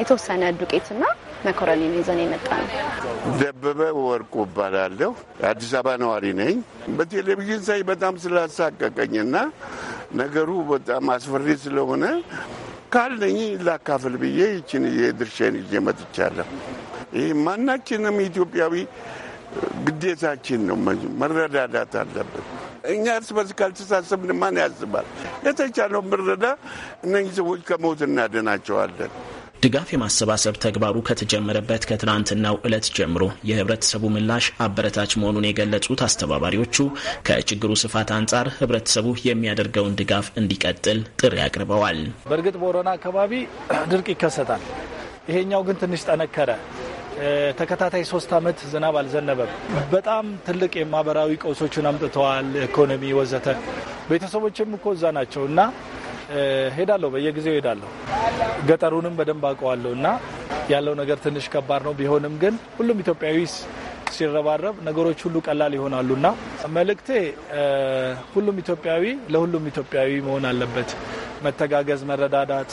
የተወሰነ ዱቄትና መኮረኒ ይዘን የመጣ ነው። ደበበ ወርቁ እባላለሁ። አዲስ አበባ ነዋሪ ነኝ። በቴሌቪዥን ሳይ በጣም ስላሳቀቀኝና ነገሩ በጣም አስፈሪ ስለሆነ ካልነኝ ላካፍል ብዬ ይችን የድርሻዬን ይዤ መጥቻለሁ። ይህ ማናችንም ኢትዮጵያዊ ግዴታችን ነው። መረዳዳት አለብን። እኛ እርስ በርስ ካልተሳሰብን ማን ያስባል? የተቻለው ምረዳ እነዚህ ሰዎች ከሞት እናድናቸዋለን። ድጋፍ የማሰባሰብ ተግባሩ ከተጀመረበት ከትናንትናው ዕለት ጀምሮ የህብረተሰቡ ምላሽ አበረታች መሆኑን የገለጹት አስተባባሪዎቹ ከችግሩ ስፋት አንጻር ህብረተሰቡ የሚያደርገውን ድጋፍ እንዲቀጥል ጥሪ አቅርበዋል። በእርግጥ ቦረና አካባቢ ድርቅ ይከሰታል። ይሄኛው ግን ትንሽ ጠነከረ። ተከታታይ ሶስት ዓመት ዝናብ አልዘነበም። በጣም ትልቅ የማህበራዊ ቀውሶችን አምጥተዋል። ኢኮኖሚ ወዘተ። ቤተሰቦችም እኮ እዛ ናቸው እና ሄዳለሁ፣ በየጊዜው ሄዳለሁ። ገጠሩንም በደንብ አውቀዋለሁ እና ያለው ነገር ትንሽ ከባድ ነው። ቢሆንም ግን ሁሉም ኢትዮጵያዊ ሲረባረብ ነገሮች ሁሉ ቀላል ይሆናሉ እና መልእክቴ ሁሉም ኢትዮጵያዊ ለሁሉም ኢትዮጵያዊ መሆን አለበት። መተጋገዝ፣ መረዳዳት፣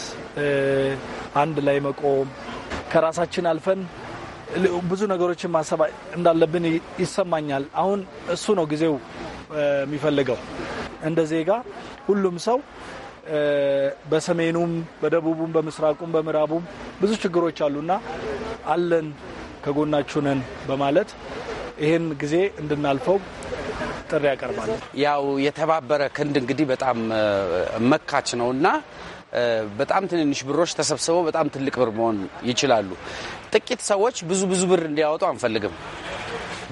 አንድ ላይ መቆም ከራሳችን አልፈን ብዙ ነገሮችን ማሰብ እንዳለብን ይሰማኛል። አሁን እሱ ነው ጊዜው የሚፈልገው። እንደ ዜጋ ሁሉም ሰው በሰሜኑም፣ በደቡቡም፣ በምስራቁም፣ በምዕራቡም ብዙ ችግሮች አሉና አለን ከጎናችሁ ነን በማለት ይህን ጊዜ እንድናልፈው ጥሪ ያቀርባል። ያው የተባበረ ክንድ እንግዲህ በጣም መካች ነው እና በጣም ትንንሽ ብሮች ተሰብስበው በጣም ትልቅ ብር መሆን ይችላሉ። ጥቂት ሰዎች ብዙ ብዙ ብር እንዲያወጡ አንፈልግም።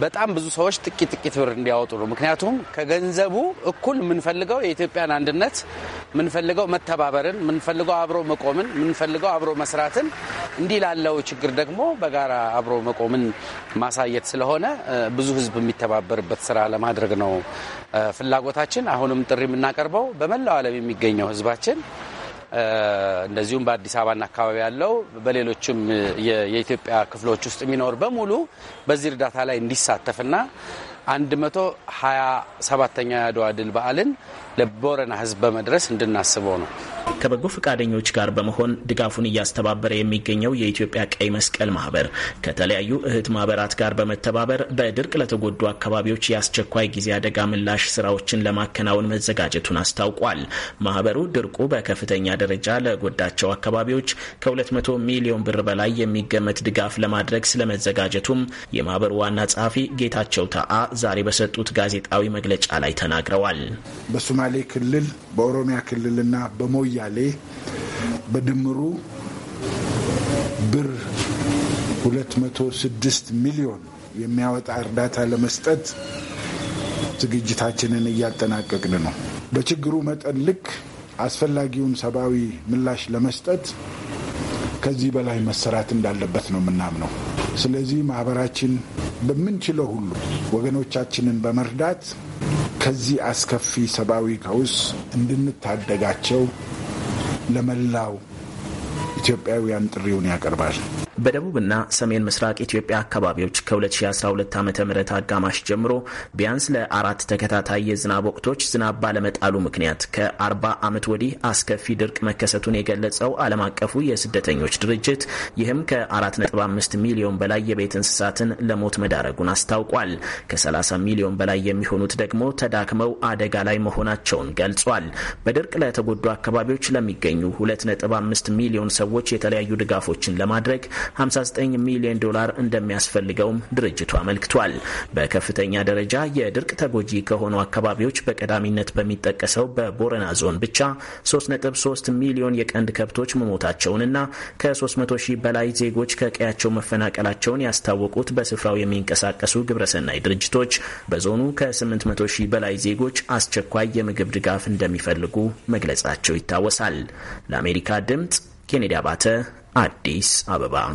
በጣም ብዙ ሰዎች ጥቂት ጥቂት ብር እንዲያወጡ ነው። ምክንያቱም ከገንዘቡ እኩል የምንፈልገው የኢትዮጵያን አንድነት፣ የምንፈልገው መተባበርን፣ የምንፈልገው አብሮ መቆምን፣ የምንፈልገው አብሮ መስራትን፣ እንዲህ ላለው ችግር ደግሞ በጋራ አብሮ መቆምን ማሳየት ስለሆነ ብዙ ሕዝብ የሚተባበርበት ስራ ለማድረግ ነው ፍላጎታችን። አሁንም ጥሪ የምናቀርበው በመላው ዓለም የሚገኘው ሕዝባችን እንደዚሁም በአዲስ አበባና አካባቢ ያለው በሌሎችም የኢትዮጵያ ክፍሎች ውስጥ የሚኖር በሙሉ በዚህ እርዳታ ላይ እንዲሳተፍና ሀያ ሰባተኛ የአድዋ ድል በዓልን ለቦረና ህዝብ በመድረስ እንድናስበው ነው። ከበጎ ፈቃደኞች ጋር በመሆን ድጋፉን እያስተባበረ የሚገኘው የኢትዮጵያ ቀይ መስቀል ማህበር ከተለያዩ እህት ማህበራት ጋር በመተባበር በድርቅ ለተጎዱ አካባቢዎች የአስቸኳይ ጊዜ አደጋ ምላሽ ስራዎችን ለማከናወን መዘጋጀቱን አስታውቋል። ማህበሩ ድርቁ በከፍተኛ ደረጃ ለጎዳቸው አካባቢዎች ከ200 ሚሊዮን ብር በላይ የሚገመት ድጋፍ ለማድረግ ስለመዘጋጀቱም የማህበሩ ዋና ጸሐፊ ጌታቸው ተአ ዛሬ በሰጡት ጋዜጣዊ መግለጫ ላይ ተናግረዋል። በሶማሌ ክልል፣ በኦሮሚያ ክልልና በሞያ ምሳሌ በድምሩ ብር 206 ሚሊዮን የሚያወጣ እርዳታ ለመስጠት ዝግጅታችንን እያጠናቀቅን ነው። በችግሩ መጠን ልክ አስፈላጊውን ሰብአዊ ምላሽ ለመስጠት ከዚህ በላይ መሰራት እንዳለበት ነው የምናምነው። ስለዚህ ማህበራችን በምንችለው ሁሉ ወገኖቻችንን በመርዳት ከዚህ አስከፊ ሰብአዊ ቀውስ እንድንታደጋቸው ለመላው ኢትዮጵያውያን ጥሪውን ያቀርባል። በደቡብና ሰሜን ምስራቅ ኢትዮጵያ አካባቢዎች ከ2012 ዓ ም አጋማሽ ጀምሮ ቢያንስ ለአራት ተከታታይ የዝናብ ወቅቶች ዝናብ ባለመጣሉ ምክንያት ከ40 ዓመት ወዲህ አስከፊ ድርቅ መከሰቱን የገለጸው ዓለም አቀፉ የስደተኞች ድርጅት ይህም ከ4.5 ሚሊዮን በላይ የቤት እንስሳትን ለሞት መዳረጉን አስታውቋል። ከ30 ሚሊዮን በላይ የሚሆኑት ደግሞ ተዳክመው አደጋ ላይ መሆናቸውን ገልጿል። በድርቅ ለተጎዱ አካባቢዎች ለሚገኙ 2.5 ሚሊዮን ሰዎች የተለያዩ ድጋፎችን ለማድረግ 59 ሚሊዮን ዶላር እንደሚያስፈልገውም ድርጅቱ አመልክቷል። በከፍተኛ ደረጃ የድርቅ ተጎጂ ከሆኑ አካባቢዎች በቀዳሚነት በሚጠቀሰው በቦረና ዞን ብቻ 3.3 ሚሊዮን የቀንድ ከብቶች መሞታቸውንና ከ300 ሺህ በላይ ዜጎች ከቀያቸው መፈናቀላቸውን ያስታወቁት በስፍራው የሚንቀሳቀሱ ግብረሰናይ ድርጅቶች በዞኑ ከ800 ሺህ በላይ ዜጎች አስቸኳይ የምግብ ድጋፍ እንደሚፈልጉ መግለጻቸው ይታወሳል። ለአሜሪካ ድምፅ ኬኔዲ አባተ አዲስ አበባ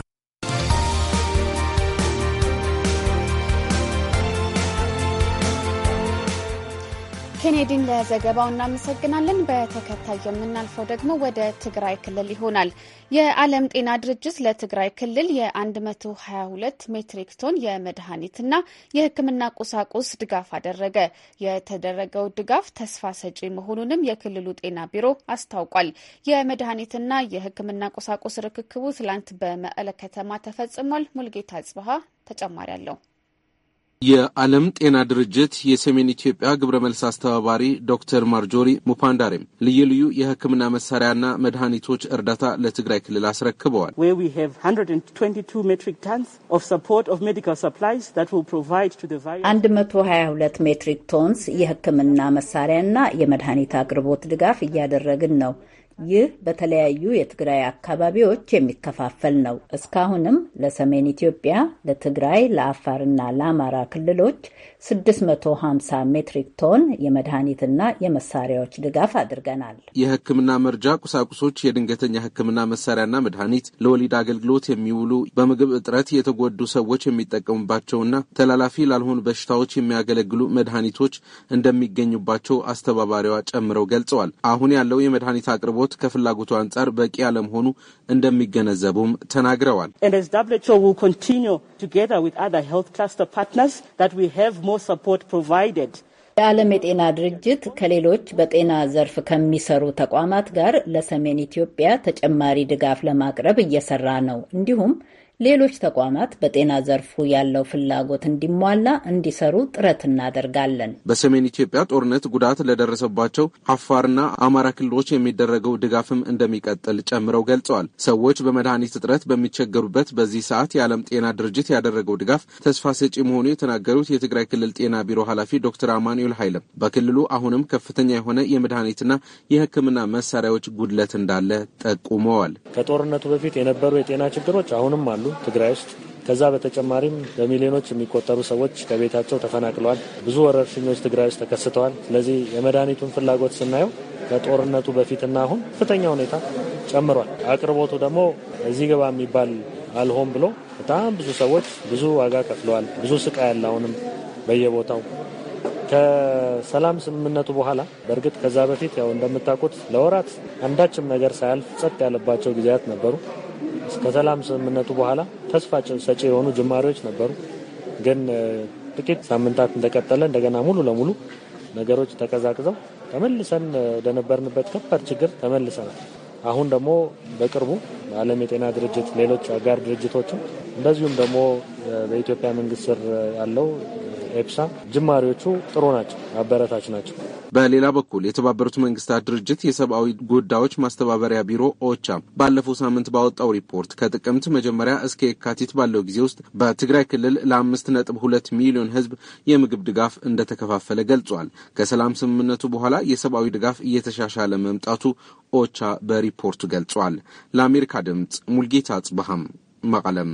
ሜዲን ለዘገባው እናመሰግናለን። በተከታይ የምናልፈው ደግሞ ወደ ትግራይ ክልል ይሆናል። የዓለም ጤና ድርጅት ለትግራይ ክልል የ122 ሜትሪክ ቶን የመድኃኒትና የሕክምና ቁሳቁስ ድጋፍ አደረገ። የተደረገው ድጋፍ ተስፋ ሰጪ መሆኑንም የክልሉ ጤና ቢሮ አስታውቋል። የመድኃኒትና የሕክምና ቁሳቁስ ርክክቡ ትላንት በመቀለ ከተማ ተፈጽሟል። ሙልጌታ ጽበሀ ተጨማሪ አለው። የዓለም ጤና ድርጅት የሰሜን ኢትዮጵያ ግብረ መልስ አስተባባሪ ዶክተር ማርጆሪ ሙፓንዳሬም ልዩ ልዩ የሕክምና መሳሪያና መድኃኒቶች እርዳታ ለትግራይ ክልል አስረክበዋል። አንድ መቶ ሀያ ሁለት ሜትሪክ ቶንስ የሕክምና መሳሪያና የመድኃኒት አቅርቦት ድጋፍ እያደረግን ነው። ይህ በተለያዩ የትግራይ አካባቢዎች የሚከፋፈል ነው። እስካሁንም ለሰሜን ኢትዮጵያ፣ ለትግራይ፣ ለአፋርና ለአማራ ክልሎች 650 ሜትሪክ ቶን የመድኃኒትና የመሳሪያዎች ድጋፍ አድርገናል። የሕክምና መርጃ ቁሳቁሶች፣ የድንገተኛ ሕክምና መሳሪያና መድኃኒት፣ ለወሊድ አገልግሎት የሚውሉ በምግብ እጥረት የተጎዱ ሰዎች የሚጠቀሙባቸውና ተላላፊ ላልሆኑ በሽታዎች የሚያገለግሉ መድኃኒቶች እንደሚገኙባቸው አስተባባሪዋ ጨምረው ገልጸዋል። አሁን ያለው የመድኃኒት አቅርቦት አገልግሎት ከፍላጎቱ አንጻር በቂ አለመሆኑ እንደሚገነዘቡም ተናግረዋል። የዓለም የጤና ድርጅት ከሌሎች በጤና ዘርፍ ከሚሰሩ ተቋማት ጋር ለሰሜን ኢትዮጵያ ተጨማሪ ድጋፍ ለማቅረብ እየሰራ ነው። እንዲሁም ሌሎች ተቋማት በጤና ዘርፉ ያለው ፍላጎት እንዲሟላ እንዲሰሩ ጥረት እናደርጋለን። በሰሜን ኢትዮጵያ ጦርነት ጉዳት ለደረሰባቸው አፋርና አማራ ክልሎች የሚደረገው ድጋፍም እንደሚቀጥል ጨምረው ገልጸዋል። ሰዎች በመድኃኒት እጥረት በሚቸገሩበት በዚህ ሰዓት የዓለም ጤና ድርጅት ያደረገው ድጋፍ ተስፋ ሰጪ መሆኑ የተናገሩት የትግራይ ክልል ጤና ቢሮ ኃላፊ ዶክተር አማኑኤል ኃይለም በክልሉ አሁንም ከፍተኛ የሆነ የመድኃኒትና የሕክምና መሳሪያዎች ጉድለት እንዳለ ጠቁመዋል። ከጦርነቱ በፊት የነበሩ የጤና ችግሮች አሁንም አሉ። ትግራይ ውስጥ። ከዛ በተጨማሪም በሚሊዮኖች የሚቆጠሩ ሰዎች ከቤታቸው ተፈናቅለዋል። ብዙ ወረርሽኞች ትግራይ ውስጥ ተከስተዋል። ስለዚህ የመድኃኒቱን ፍላጎት ስናየው ከጦርነቱ በፊትና አሁን ከፍተኛ ሁኔታ ጨምሯል። አቅርቦቱ ደግሞ እዚህ ግባ የሚባል አልሆን ብሎ በጣም ብዙ ሰዎች ብዙ ዋጋ ከፍለዋል። ብዙ ስቃይ ያለ አሁንም በየቦታው ከሰላም ስምምነቱ በኋላ በእርግጥ ከዛ በፊት ያው እንደምታውቁት ለወራት አንዳችም ነገር ሳያልፍ ጸጥ ያለባቸው ጊዜያት ነበሩ። ከሰላም ስምምነቱ በኋላ ተስፋ ሰጪ የሆኑ ጅማሬዎች ነበሩ፣ ግን ጥቂት ሳምንታት እንደቀጠለ እንደገና ሙሉ ለሙሉ ነገሮች ተቀዛቅዘው ተመልሰን ወደነበርንበት ከባድ ችግር ተመልሰናል። አሁን ደግሞ በቅርቡ በዓለም የጤና ድርጅት፣ ሌሎች አጋር ድርጅቶችም እንደዚሁም ደግሞ በኢትዮጵያ መንግስት ስር ያለው ኤፕሳ ጅማሬዎቹ ጥሩ ናቸው፣ አበረታች ናቸው። በሌላ በኩል የተባበሩት መንግስታት ድርጅት የሰብአዊ ጉዳዮች ማስተባበሪያ ቢሮ ኦቻ ባለፈው ሳምንት ባወጣው ሪፖርት ከጥቅምት መጀመሪያ እስከ የካቲት ባለው ጊዜ ውስጥ በትግራይ ክልል ለአምስት ነጥብ ሁለት ሚሊዮን ህዝብ የምግብ ድጋፍ እንደተከፋፈለ ገልጿል። ከሰላም ስምምነቱ በኋላ የሰብአዊ ድጋፍ እየተሻሻለ መምጣቱ ኦቻ በሪፖርቱ ገልጿል። ለአሜሪካ ድምፅ ሙልጌታ አጽብሃም መቀለም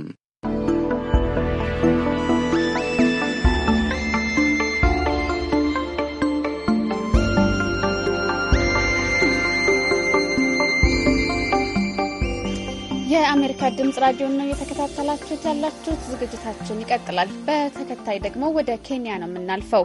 ከአሜሪካ ድምጽ ራዲዮ ነው እየተከታተላችሁት ያላችሁት። ዝግጅታችን ይቀጥላል። በተከታይ ደግሞ ወደ ኬንያ ነው የምናልፈው።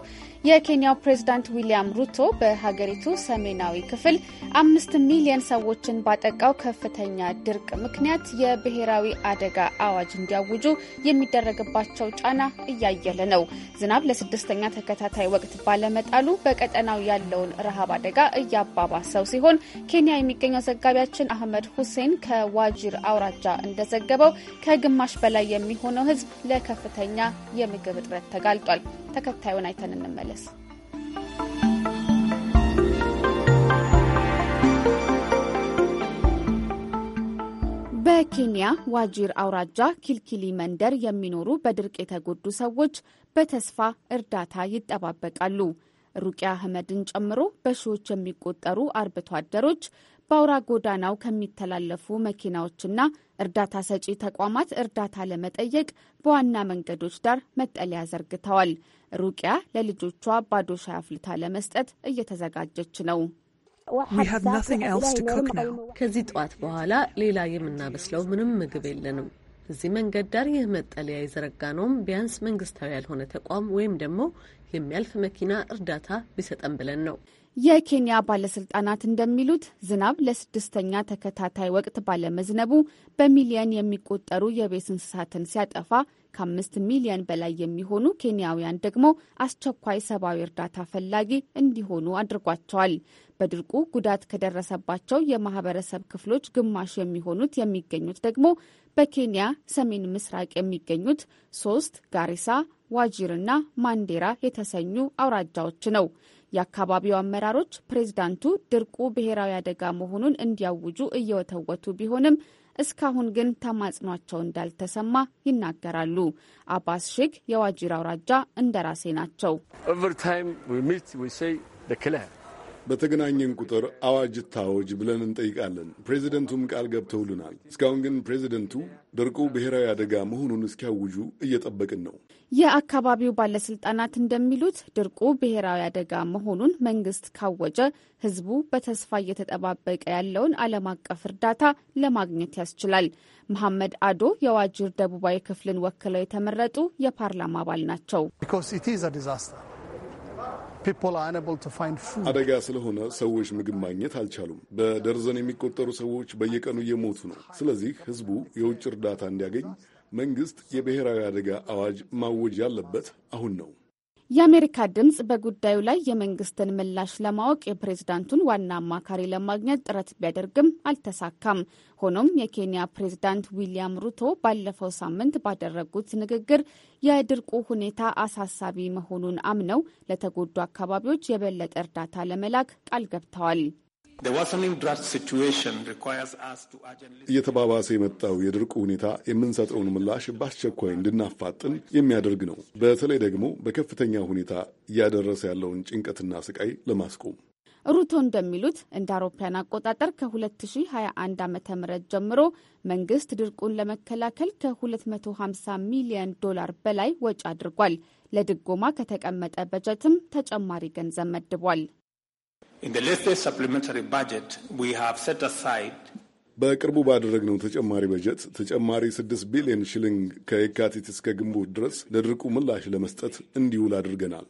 የኬንያው ፕሬዝዳንት ዊሊያም ሩቶ በሀገሪቱ ሰሜናዊ ክፍል አምስት ሚሊየን ሰዎችን ባጠቃው ከፍተኛ ድርቅ ምክንያት የብሔራዊ አደጋ አዋጅ እንዲያውጁ የሚደረግባቸው ጫና እያየለ ነው። ዝናብ ለስድስተኛ ተከታታይ ወቅት ባለመጣሉ በቀጠናው ያለውን ረሃብ አደጋ እያባባሰው ሲሆን ኬንያ የሚገኘው ዘጋቢያችን አህመድ ሁሴን ከዋጅር አውራጃ እንደዘገበው ከግማሽ በላይ የሚሆነው ሕዝብ ለከፍተኛ የምግብ እጥረት ተጋልጧል። ተከታዩን አይተን እንመለስ። sociales. በኬንያ ዋጂር አውራጃ ኪልኪሊ መንደር የሚኖሩ በድርቅ የተጎዱ ሰዎች በተስፋ እርዳታ ይጠባበቃሉ። ሩቂያ አህመድን ጨምሮ በሺዎች የሚቆጠሩ አርብቶ አደሮች በአውራ ጎዳናው ከሚተላለፉ መኪናዎችና እርዳታ ሰጪ ተቋማት እርዳታ ለመጠየቅ በዋና መንገዶች ዳር መጠለያ ዘርግተዋል። ሩቅያ ለልጆቿ ባዶ ሻይ አፍልታ ለመስጠት እየተዘጋጀች ነው። ከዚህ ጠዋት በኋላ ሌላ የምናበስለው ምንም ምግብ የለንም። እዚህ መንገድ ዳር ይህ መጠለያ የዘረጋ ነውም ቢያንስ መንግስታዊ ያልሆነ ተቋም ወይም ደግሞ የሚያልፍ መኪና እርዳታ ቢሰጠን ብለን ነው። የኬንያ ባለስልጣናት እንደሚሉት ዝናብ ለስድስተኛ ተከታታይ ወቅት ባለመዝነቡ በሚሊየን የሚቆጠሩ የቤት እንስሳትን ሲያጠፋ ከአምስት ሚሊዮን በላይ የሚሆኑ ኬንያውያን ደግሞ አስቸኳይ ሰብአዊ እርዳታ ፈላጊ እንዲሆኑ አድርጓቸዋል። በድርቁ ጉዳት ከደረሰባቸው የማህበረሰብ ክፍሎች ግማሽ የሚሆኑት የሚገኙት ደግሞ በኬንያ ሰሜን ምስራቅ የሚገኙት ሶስት ጋሪሳ፣ ዋጂርና ማንዴራ የተሰኙ አውራጃዎች ነው። የአካባቢው አመራሮች ፕሬዝዳንቱ ድርቁ ብሔራዊ አደጋ መሆኑን እንዲያውጁ እየወተወቱ ቢሆንም እስካሁን ግን ተማጽኗቸው እንዳልተሰማ ይናገራሉ። አባስ ሼክ የዋጅር አውራጃ እንደራሴ ናቸው። በተገናኘን ቁጥር አዋጅ ታወጅ ብለን እንጠይቃለን። ፕሬዚደንቱም ቃል ገብተውልናል። እስካሁን ግን ፕሬዚደንቱ ድርቁ ብሔራዊ አደጋ መሆኑን እስኪያውጁ እየጠበቅን ነው። የአካባቢው ባለስልጣናት እንደሚሉት ድርቁ ብሔራዊ አደጋ መሆኑን መንግስት ካወጀ ህዝቡ በተስፋ እየተጠባበቀ ያለውን ዓለም አቀፍ እርዳታ ለማግኘት ያስችላል። መሐመድ አዶ የዋጅር ደቡባዊ ክፍልን ወክለው የተመረጡ የፓርላማ አባል ናቸው። አደጋ ስለሆነ ሰዎች ምግብ ማግኘት አልቻሉም። በደርዘን የሚቆጠሩ ሰዎች በየቀኑ እየሞቱ ነው። ስለዚህ ህዝቡ የውጭ እርዳታ እንዲያገኝ መንግስት የብሔራዊ አደጋ አዋጅ ማወጅ ያለበት አሁን ነው። የአሜሪካ ድምፅ በጉዳዩ ላይ የመንግስትን ምላሽ ለማወቅ የፕሬዝዳንቱን ዋና አማካሪ ለማግኘት ጥረት ቢያደርግም አልተሳካም። ሆኖም የኬንያ ፕሬዝዳንት ዊሊያም ሩቶ ባለፈው ሳምንት ባደረጉት ንግግር የድርቁ ሁኔታ አሳሳቢ መሆኑን አምነው ለተጎዱ አካባቢዎች የበለጠ እርዳታ ለመላክ ቃል ገብተዋል። እየተባባሰ የመጣው የድርቁ ሁኔታ የምንሰጠውን ምላሽ በአስቸኳይ እንድናፋጥን የሚያደርግ ነው። በተለይ ደግሞ በከፍተኛ ሁኔታ እያደረሰ ያለውን ጭንቀትና ስቃይ ለማስቆም ሩቶ እንደሚሉት እንደ አውሮፓውያን አቆጣጠር ከ2021 ዓ ም ጀምሮ መንግስት ድርቁን ለመከላከል ከ250 ሚሊዮን ዶላር በላይ ወጪ አድርጓል። ለድጎማ ከተቀመጠ በጀትም ተጨማሪ ገንዘብ መድቧል። በቅርቡ ባደረግነው ተጨማሪ በጀት ተጨማሪ 6 ቢሊዮን ሽሊንግ ከየካቲት እስከ ግንቦት ድረስ ለድርቁ ምላሽ ለመስጠት እንዲውል አድርገናል።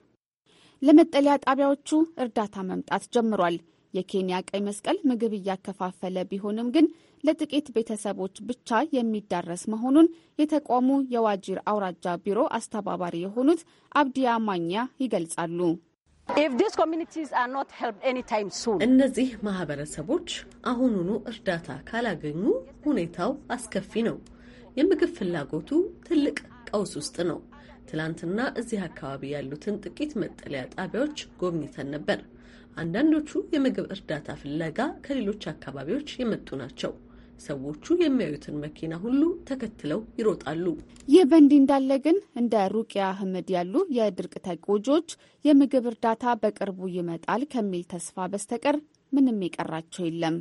ለመጠለያ ጣቢያዎቹ እርዳታ መምጣት ጀምሯል። የኬንያ ቀይ መስቀል ምግብ እያከፋፈለ ቢሆንም ግን ለጥቂት ቤተሰቦች ብቻ የሚዳረስ መሆኑን የተቋሙ የዋጅር አውራጃ ቢሮ አስተባባሪ የሆኑት አብዲያ ማኛ ይገልጻሉ። እነዚህ ማህበረሰቦች አሁኑኑ እርዳታ ካላገኙ ሁኔታው አስከፊ ነው። የምግብ ፍላጎቱ ትልቅ ቀውስ ውስጥ ነው። ትላንትና እዚህ አካባቢ ያሉትን ጥቂት መጠለያ ጣቢያዎች ጎብኝተን ነበር። አንዳንዶቹ የምግብ እርዳታ ፍለጋ ከሌሎች አካባቢዎች የመጡ ናቸው። ሰዎቹ የሚያዩትን መኪና ሁሉ ተከትለው ይሮጣሉ። ይህ በእንዲህ እንዳለ ግን እንደ ሩቅያ አህመድ ያሉ የድርቅ ተጎጂዎች የምግብ እርዳታ በቅርቡ ይመጣል ከሚል ተስፋ በስተቀር ምንም የቀራቸው የለም።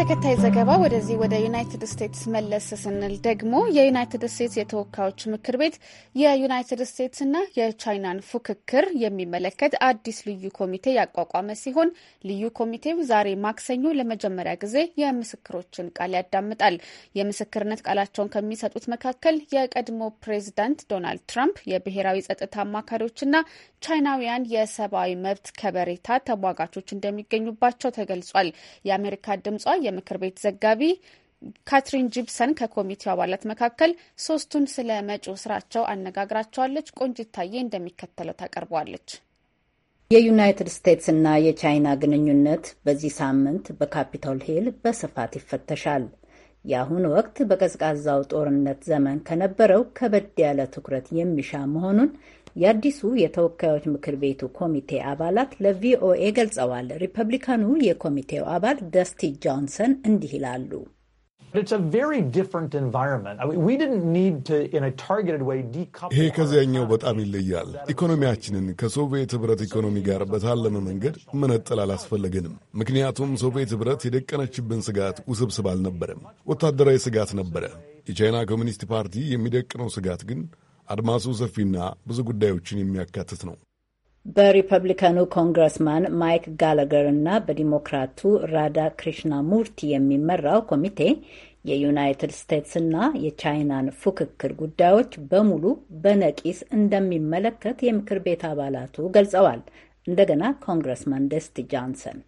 ተከታይ ዘገባ ወደዚህ ወደ ዩናይትድ ስቴትስ መለስ ስንል ደግሞ የዩናይትድ ስቴትስ የተወካዮች ምክር ቤት የዩናይትድ ስቴትስና የቻይናን ፉክክር የሚመለከት አዲስ ልዩ ኮሚቴ ያቋቋመ ሲሆን ልዩ ኮሚቴው ዛሬ ማክሰኞ ለመጀመሪያ ጊዜ የምስክሮችን ቃል ያዳምጣል። የምስክርነት ቃላቸውን ከሚሰጡት መካከል የቀድሞ ፕሬዚዳንት ዶናልድ ትራምፕ፣ የብሔራዊ ጸጥታ አማካሪዎችና ቻይናውያን የሰብአዊ መብት ከበሬታ ተሟጋቾች እንደሚገኙባቸው ተገልጿል። የአሜሪካ ድምጿ የምክር ቤት ዘጋቢ ካትሪን ጂፕሰን ከኮሚቴው አባላት መካከል ሶስቱን ስለ መጪው ስራቸው አነጋግራቸዋለች። ቆንጅታዬ እንደሚከተለው ታቀርበዋለች። የዩናይትድ ስቴትስ እና የቻይና ግንኙነት በዚህ ሳምንት በካፒቶል ሂል በስፋት ይፈተሻል። የአሁን ወቅት በቀዝቃዛው ጦርነት ዘመን ከነበረው ከበድ ያለ ትኩረት የሚሻ መሆኑን የአዲሱ የተወካዮች ምክር ቤቱ ኮሚቴ አባላት ለቪኦኤ ገልጸዋል። ሪፐብሊካኑ የኮሚቴው አባል ደስቲ ጆንሰን እንዲህ ይላሉ። ይሄ ከዚያኛው በጣም ይለያል። ኢኮኖሚያችንን ከሶቪየት ኅብረት ኢኮኖሚ ጋር በታለመ መንገድ መነጠል አላስፈለገንም። ምክንያቱም ሶቪየት ኅብረት የደቀነችብን ስጋት ውስብስብ አልነበረም። ወታደራዊ ስጋት ነበረ። የቻይና ኮሚኒስት ፓርቲ የሚደቅነው ስጋት ግን አድማሱ ሰፊና ብዙ ጉዳዮችን የሚያካትት ነው። በሪፐብሊካኑ ኮንግረስማን ማይክ ጋላገር እና በዲሞክራቱ ራዳ ክሪሽና ሙርቲ የሚመራው ኮሚቴ የዩናይትድ ስቴትስና የቻይናን ፉክክር ጉዳዮች በሙሉ በነቂስ እንደሚመለከት የምክር ቤት አባላቱ ገልጸዋል። እንደገና ኮንግረስማን ደስቲ ጆንሰን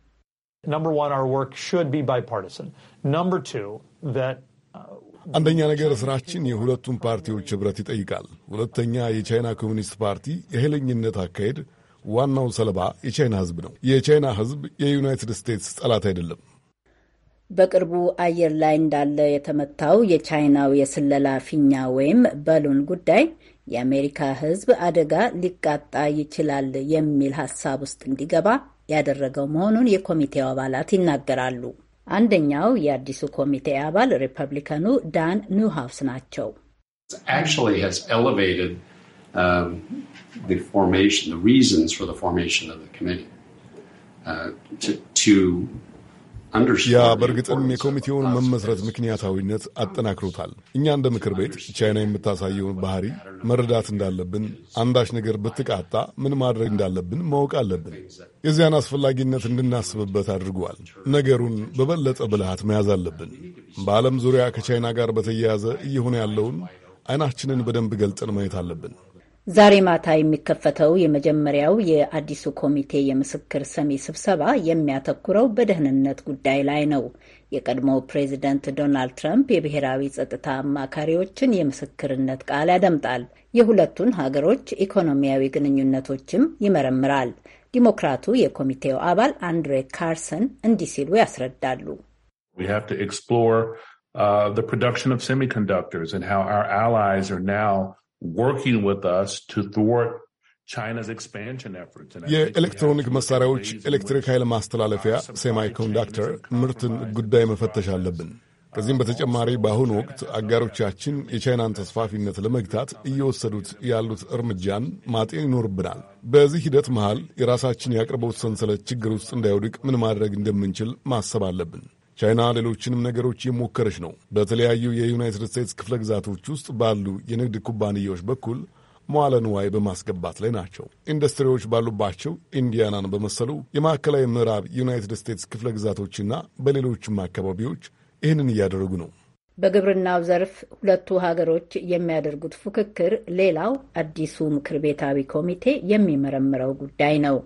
አንደኛ ነገር ስራችን የሁለቱም ፓርቲዎች ኅብረት ይጠይቃል። ሁለተኛ የቻይና ኮሚኒስት ፓርቲ የኃይለኝነት አካሄድ ዋናው ሰለባ የቻይና ህዝብ ነው። የቻይና ህዝብ የዩናይትድ ስቴትስ ጠላት አይደለም። በቅርቡ አየር ላይ እንዳለ የተመታው የቻይናው የስለላ ፊኛ ወይም በሉን ጉዳይ የአሜሪካ ህዝብ አደጋ ሊቃጣ ይችላል የሚል ሀሳብ ውስጥ እንዲገባ ያደረገው መሆኑን የኮሚቴው አባላት ይናገራሉ። አንደኛው የአዲሱ ኮሚቴ አባል ሪፐብሊካኑ ዳን ኒውሃውስ ናቸው። ያ በእርግጥም የኮሚቴውን መመስረት ምክንያታዊነት አጠናክሮታል። እኛ እንደ ምክር ቤት ቻይና የምታሳየውን ባህሪ መረዳት እንዳለብን፣ አንዳች ነገር ብትቃጣ ምን ማድረግ እንዳለብን ማወቅ አለብን። የዚያን አስፈላጊነት እንድናስብበት አድርጓል። ነገሩን በበለጠ ብልሃት መያዝ አለብን። በዓለም ዙሪያ ከቻይና ጋር በተያያዘ እየሆነ ያለውን አይናችንን በደንብ ገልጠን ማየት አለብን። ዛሬ ማታ የሚከፈተው የመጀመሪያው የአዲሱ ኮሚቴ የምስክር ሰሚ ስብሰባ የሚያተኩረው በደህንነት ጉዳይ ላይ ነው። የቀድሞ ፕሬዚደንት ዶናልድ ትራምፕ የብሔራዊ ጸጥታ አማካሪዎችን የምስክርነት ቃል ያደምጣል። የሁለቱን ሀገሮች ኢኮኖሚያዊ ግንኙነቶችም ይመረምራል። ዲሞክራቱ የኮሚቴው አባል አንድሬ ካርሰን እንዲህ ሲሉ ያስረዳሉ። ፕሮዳክሽን ኦፍ ሴሚኮንዳክተርስ ሃው አላይዝ አር ናው የኤሌክትሮኒክ መሳሪያዎች ኤሌክትሪክ ኃይል ማስተላለፊያ ሴማይ ኮንዳክተር ምርትን ጉዳይ መፈተሽ አለብን። ከዚህም በተጨማሪ በአሁኑ ወቅት አጋሮቻችን የቻይናን ተስፋፊነት ለመግታት እየወሰዱት ያሉት እርምጃን ማጤን ይኖርብናል። በዚህ ሂደት መሃል የራሳችን የአቅርቦት ሰንሰለት ችግር ውስጥ እንዳይወድቅ ምን ማድረግ እንደምንችል ማሰብ አለብን። ቻይና ሌሎችንም ነገሮች የሞከረች ነው። በተለያዩ የዩናይትድ ስቴትስ ክፍለ ግዛቶች ውስጥ ባሉ የንግድ ኩባንያዎች በኩል መዋለ ንዋይ በማስገባት ላይ ናቸው። ኢንዱስትሪዎች ባሉባቸው ኢንዲያናን በመሰሉ የማዕከላዊ ምዕራብ ዩናይትድ ስቴትስ ክፍለ ግዛቶችና በሌሎችም አካባቢዎች ይህንን እያደረጉ ነው። በግብርናው ዘርፍ ሁለቱ ሀገሮች የሚያደርጉት ፉክክር ሌላው አዲሱ ምክር ቤታዊ ኮሚቴ የሚመረምረው ጉዳይ ነው።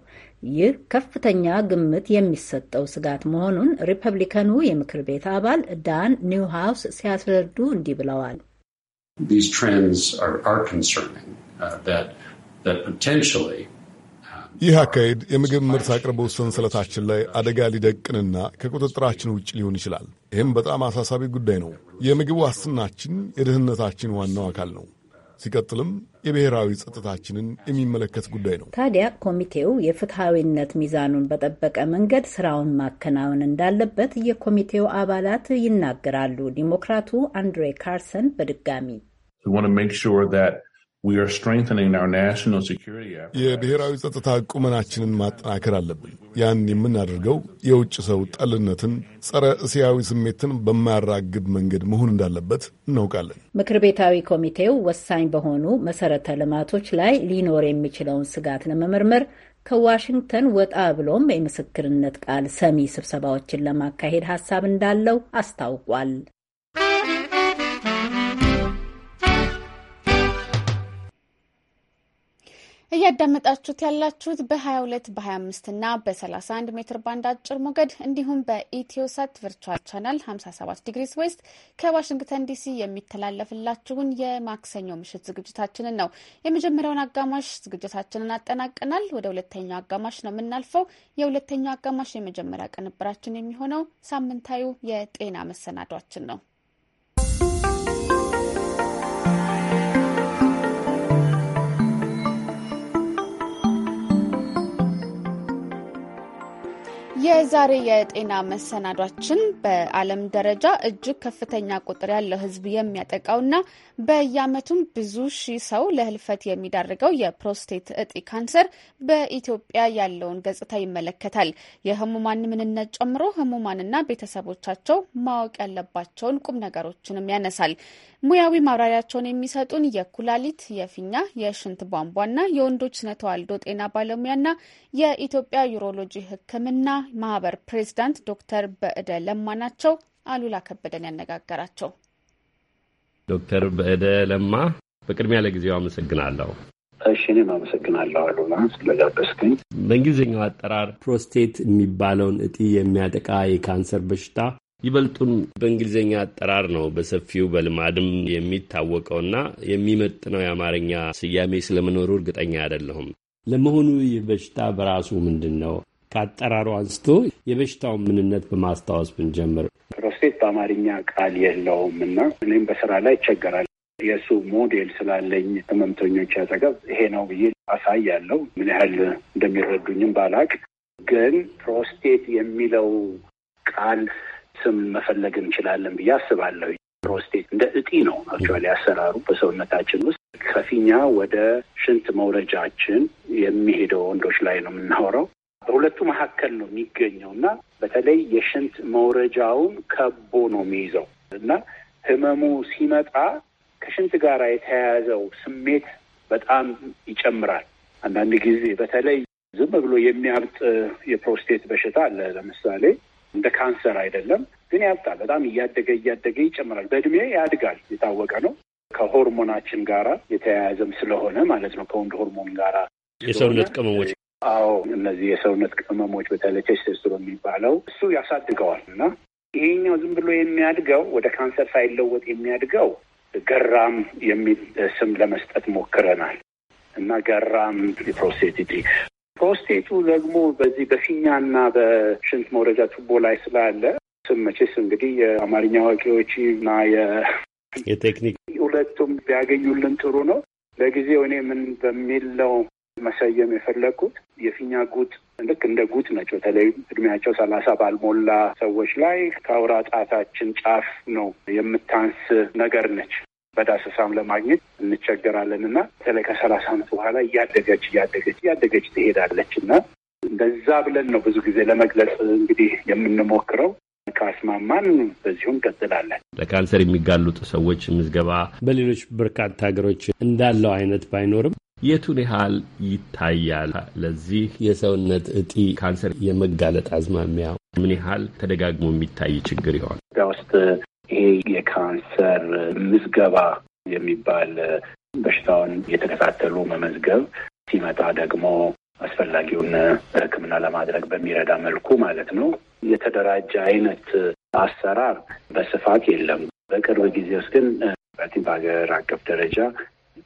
ይህ ከፍተኛ ግምት የሚሰጠው ስጋት መሆኑን ሪፐብሊካኑ የምክር ቤት አባል ዳን ኒው ሃውስ ሲያስረዱ እንዲህ ብለዋል። uh, um, ይህ አካሄድ የምግብ ምርት አቅርቦት ሰንሰለታችን ላይ አደጋ ሊደቅንና ከቁጥጥራችን ውጭ ሊሆን ይችላል። ይህም በጣም አሳሳቢ ጉዳይ ነው። የምግብ ዋስትናችን የደህንነታችን ዋናው አካል ነው። ሲቀጥልም የብሔራዊ ጸጥታችንን የሚመለከት ጉዳይ ነው። ታዲያ ኮሚቴው የፍትሐዊነት ሚዛኑን በጠበቀ መንገድ ስራውን ማከናወን እንዳለበት የኮሚቴው አባላት ይናገራሉ። ዲሞክራቱ አንድሬ ካርሰን በድጋሚ We want to make sure that የብሔራዊ ጸጥታ ቁመናችንን ማጠናከር አለብን። ያን የምናደርገው የውጭ ሰው ጠልነትን፣ ጸረ እስያዊ ስሜትን በማያራግብ መንገድ መሆን እንዳለበት እናውቃለን። ምክር ቤታዊ ኮሚቴው ወሳኝ በሆኑ መሰረተ ልማቶች ላይ ሊኖር የሚችለውን ስጋት ለመመርመር ከዋሽንግተን ወጣ ብሎም የምስክርነት ቃል ሰሚ ስብሰባዎችን ለማካሄድ ሀሳብ እንዳለው አስታውቋል። እያዳመጣችሁት ያላችሁት በ22 በ25 እና በ31 ሜትር ባንድ አጭር ሞገድ እንዲሁም በኢትዮሳት ቨርቹዋል ቻናል 57 ዲግሪስ ዌስት ከዋሽንግተን ዲሲ የሚተላለፍላችሁን የማክሰኞ ምሽት ዝግጅታችንን ነው። የመጀመሪያውን አጋማሽ ዝግጅታችንን አጠናቀናል። ወደ ሁለተኛው አጋማሽ ነው የምናልፈው። የሁለተኛው አጋማሽ የመጀመሪያ ቅንብራችን የሚሆነው ሳምንታዊ የጤና መሰናዷችን ነው። የዛሬ የጤና መሰናዷችን በዓለም ደረጃ እጅግ ከፍተኛ ቁጥር ያለው ሕዝብ የሚያጠቃውና በየዓመቱም ብዙ ሺህ ሰው ለህልፈት የሚዳርገው የፕሮስቴት እጢ ካንሰር በኢትዮጵያ ያለውን ገጽታ ይመለከታል። የህሙማን ምንነት ጨምሮ ህሙማንና ቤተሰቦቻቸው ማወቅ ያለባቸውን ቁም ነገሮችንም ያነሳል። ሙያዊ ማብራሪያቸውን የሚሰጡን የኩላሊት፣ የፊኛ፣ የሽንት ቧንቧና የወንዶች ስነተዋልዶ ጤና ባለሙያና የኢትዮጵያ ዩሮሎጂ ሕክምና ማህበር ፕሬዚዳንት ዶክተር በእደ ለማ ናቸው። አሉላ ከበደን ያነጋገራቸው። ዶክተር በእደ ለማ በቅድሚያ ለጊዜው አመሰግናለሁ። እሺ እኔም አመሰግናለሁ አሉላ ስለጋበዝከኝ። በእንግሊዝኛው አጠራር ፕሮስቴት የሚባለውን እጢ የሚያጠቃ የካንሰር በሽታ ይበልጡን በእንግሊዝኛ አጠራር ነው በሰፊው በልማድም የሚታወቀውና የሚመጥነው የአማርኛ ስያሜ ስለመኖሩ እርግጠኛ አይደለሁም። ለመሆኑ ይህ በሽታ በራሱ ምንድን ነው? ከአጠራሩ አንስቶ የበሽታውን ምንነት በማስታወስ ብንጀምር። ፕሮስቴት በአማርኛ ቃል የለውም እና እኔም በስራ ላይ ይቸገራል። የእሱ ሞዴል ስላለኝ ህመምተኞች ያጠገብ ይሄ ነው ብዬ አሳያለሁ። ምን ያህል እንደሚረዱኝም ባላቅ፣ ግን ፕሮስቴት የሚለው ቃል ስም መፈለግ እንችላለን ብዬ አስባለሁ። ፕሮስቴት እንደ እጢ ነው አክቹዋሊ አሰራሩ በሰውነታችን ውስጥ ከፊኛ ወደ ሽንት መውረጃችን የሚሄደው ወንዶች ላይ ነው የምናወራው። በሁለቱ መካከል ነው የሚገኘው እና በተለይ የሽንት መውረጃውን ከቦ ነው የሚይዘው እና ህመሙ ሲመጣ ከሽንት ጋር የተያያዘው ስሜት በጣም ይጨምራል። አንዳንድ ጊዜ በተለይ ዝም ብሎ የሚያብጥ የፕሮስቴት በሽታ አለ። ለምሳሌ እንደ ካንሰር አይደለም፣ ግን ያብጣል። በጣም እያደገ እያደገ ይጨምራል። በእድሜ ያድጋል፣ የታወቀ ነው። ከሆርሞናችን ጋራ የተያያዘም ስለሆነ ማለት ነው ከወንድ ሆርሞን ጋራ የሰውነት ቅመሞች አዎ እነዚህ የሰውነት ቅመሞች በተለይ ቴስቶስትሮን የሚባለው እሱ ያሳድገዋል እና ይሄኛው ዝም ብሎ የሚያድገው ወደ ካንሰር ሳይለወጥ የሚያድገው ገራም የሚል ስም ለመስጠት ሞክረናል እና ገራም ፕሮስቴቲቲ ፕሮስቴቱ ደግሞ በዚህ በፊኛ በፊኛና በሽንት መውረጃ ቱቦ ላይ ስላለ ስም መቼስ እንግዲህ የአማርኛ አዋቂዎች እና የቴክኒክ ሁለቱም ቢያገኙልን ጥሩ ነው። ለጊዜው እኔ ምን በሚለው መሰየም የፈለግኩት የፊኛ ጉጥ ልክ እንደ ጉጥ ነች። በተለይ እድሜያቸው ሰላሳ ባልሞላ ሰዎች ላይ ከአውራ ጣታችን ጫፍ ነው የምታንስ ነገር ነች። በዳሰሳም ለማግኘት እንቸገራለን እና በተለይ ከሰላሳ ዓመት በኋላ እያደገች እያደገች እያደገች ትሄዳለች እና እንደዛ ብለን ነው ብዙ ጊዜ ለመግለጽ እንግዲህ የምንሞክረው። ካስማማን በዚሁ እንቀጥላለን። ለካንሰር የሚጋለጡ ሰዎች ምዝገባ በሌሎች በርካታ ሀገሮች እንዳለው አይነት ባይኖርም የቱን ያህል ይታያል? ለዚህ የሰውነት እጢ ካንሰር የመጋለጥ አዝማሚያ ምን ያህል ተደጋግሞ የሚታይ ችግር ይሆን? ኢትዮጵያ ውስጥ ይሄ የካንሰር ምዝገባ የሚባል በሽታውን የተከታተሉ መመዝገብ ሲመጣ ደግሞ አስፈላጊውን ሕክምና ለማድረግ በሚረዳ መልኩ ማለት ነው። የተደራጀ አይነት አሰራር በስፋት የለም። በቅርብ ጊዜ ውስጥ ግን በሀገር አቀፍ ደረጃ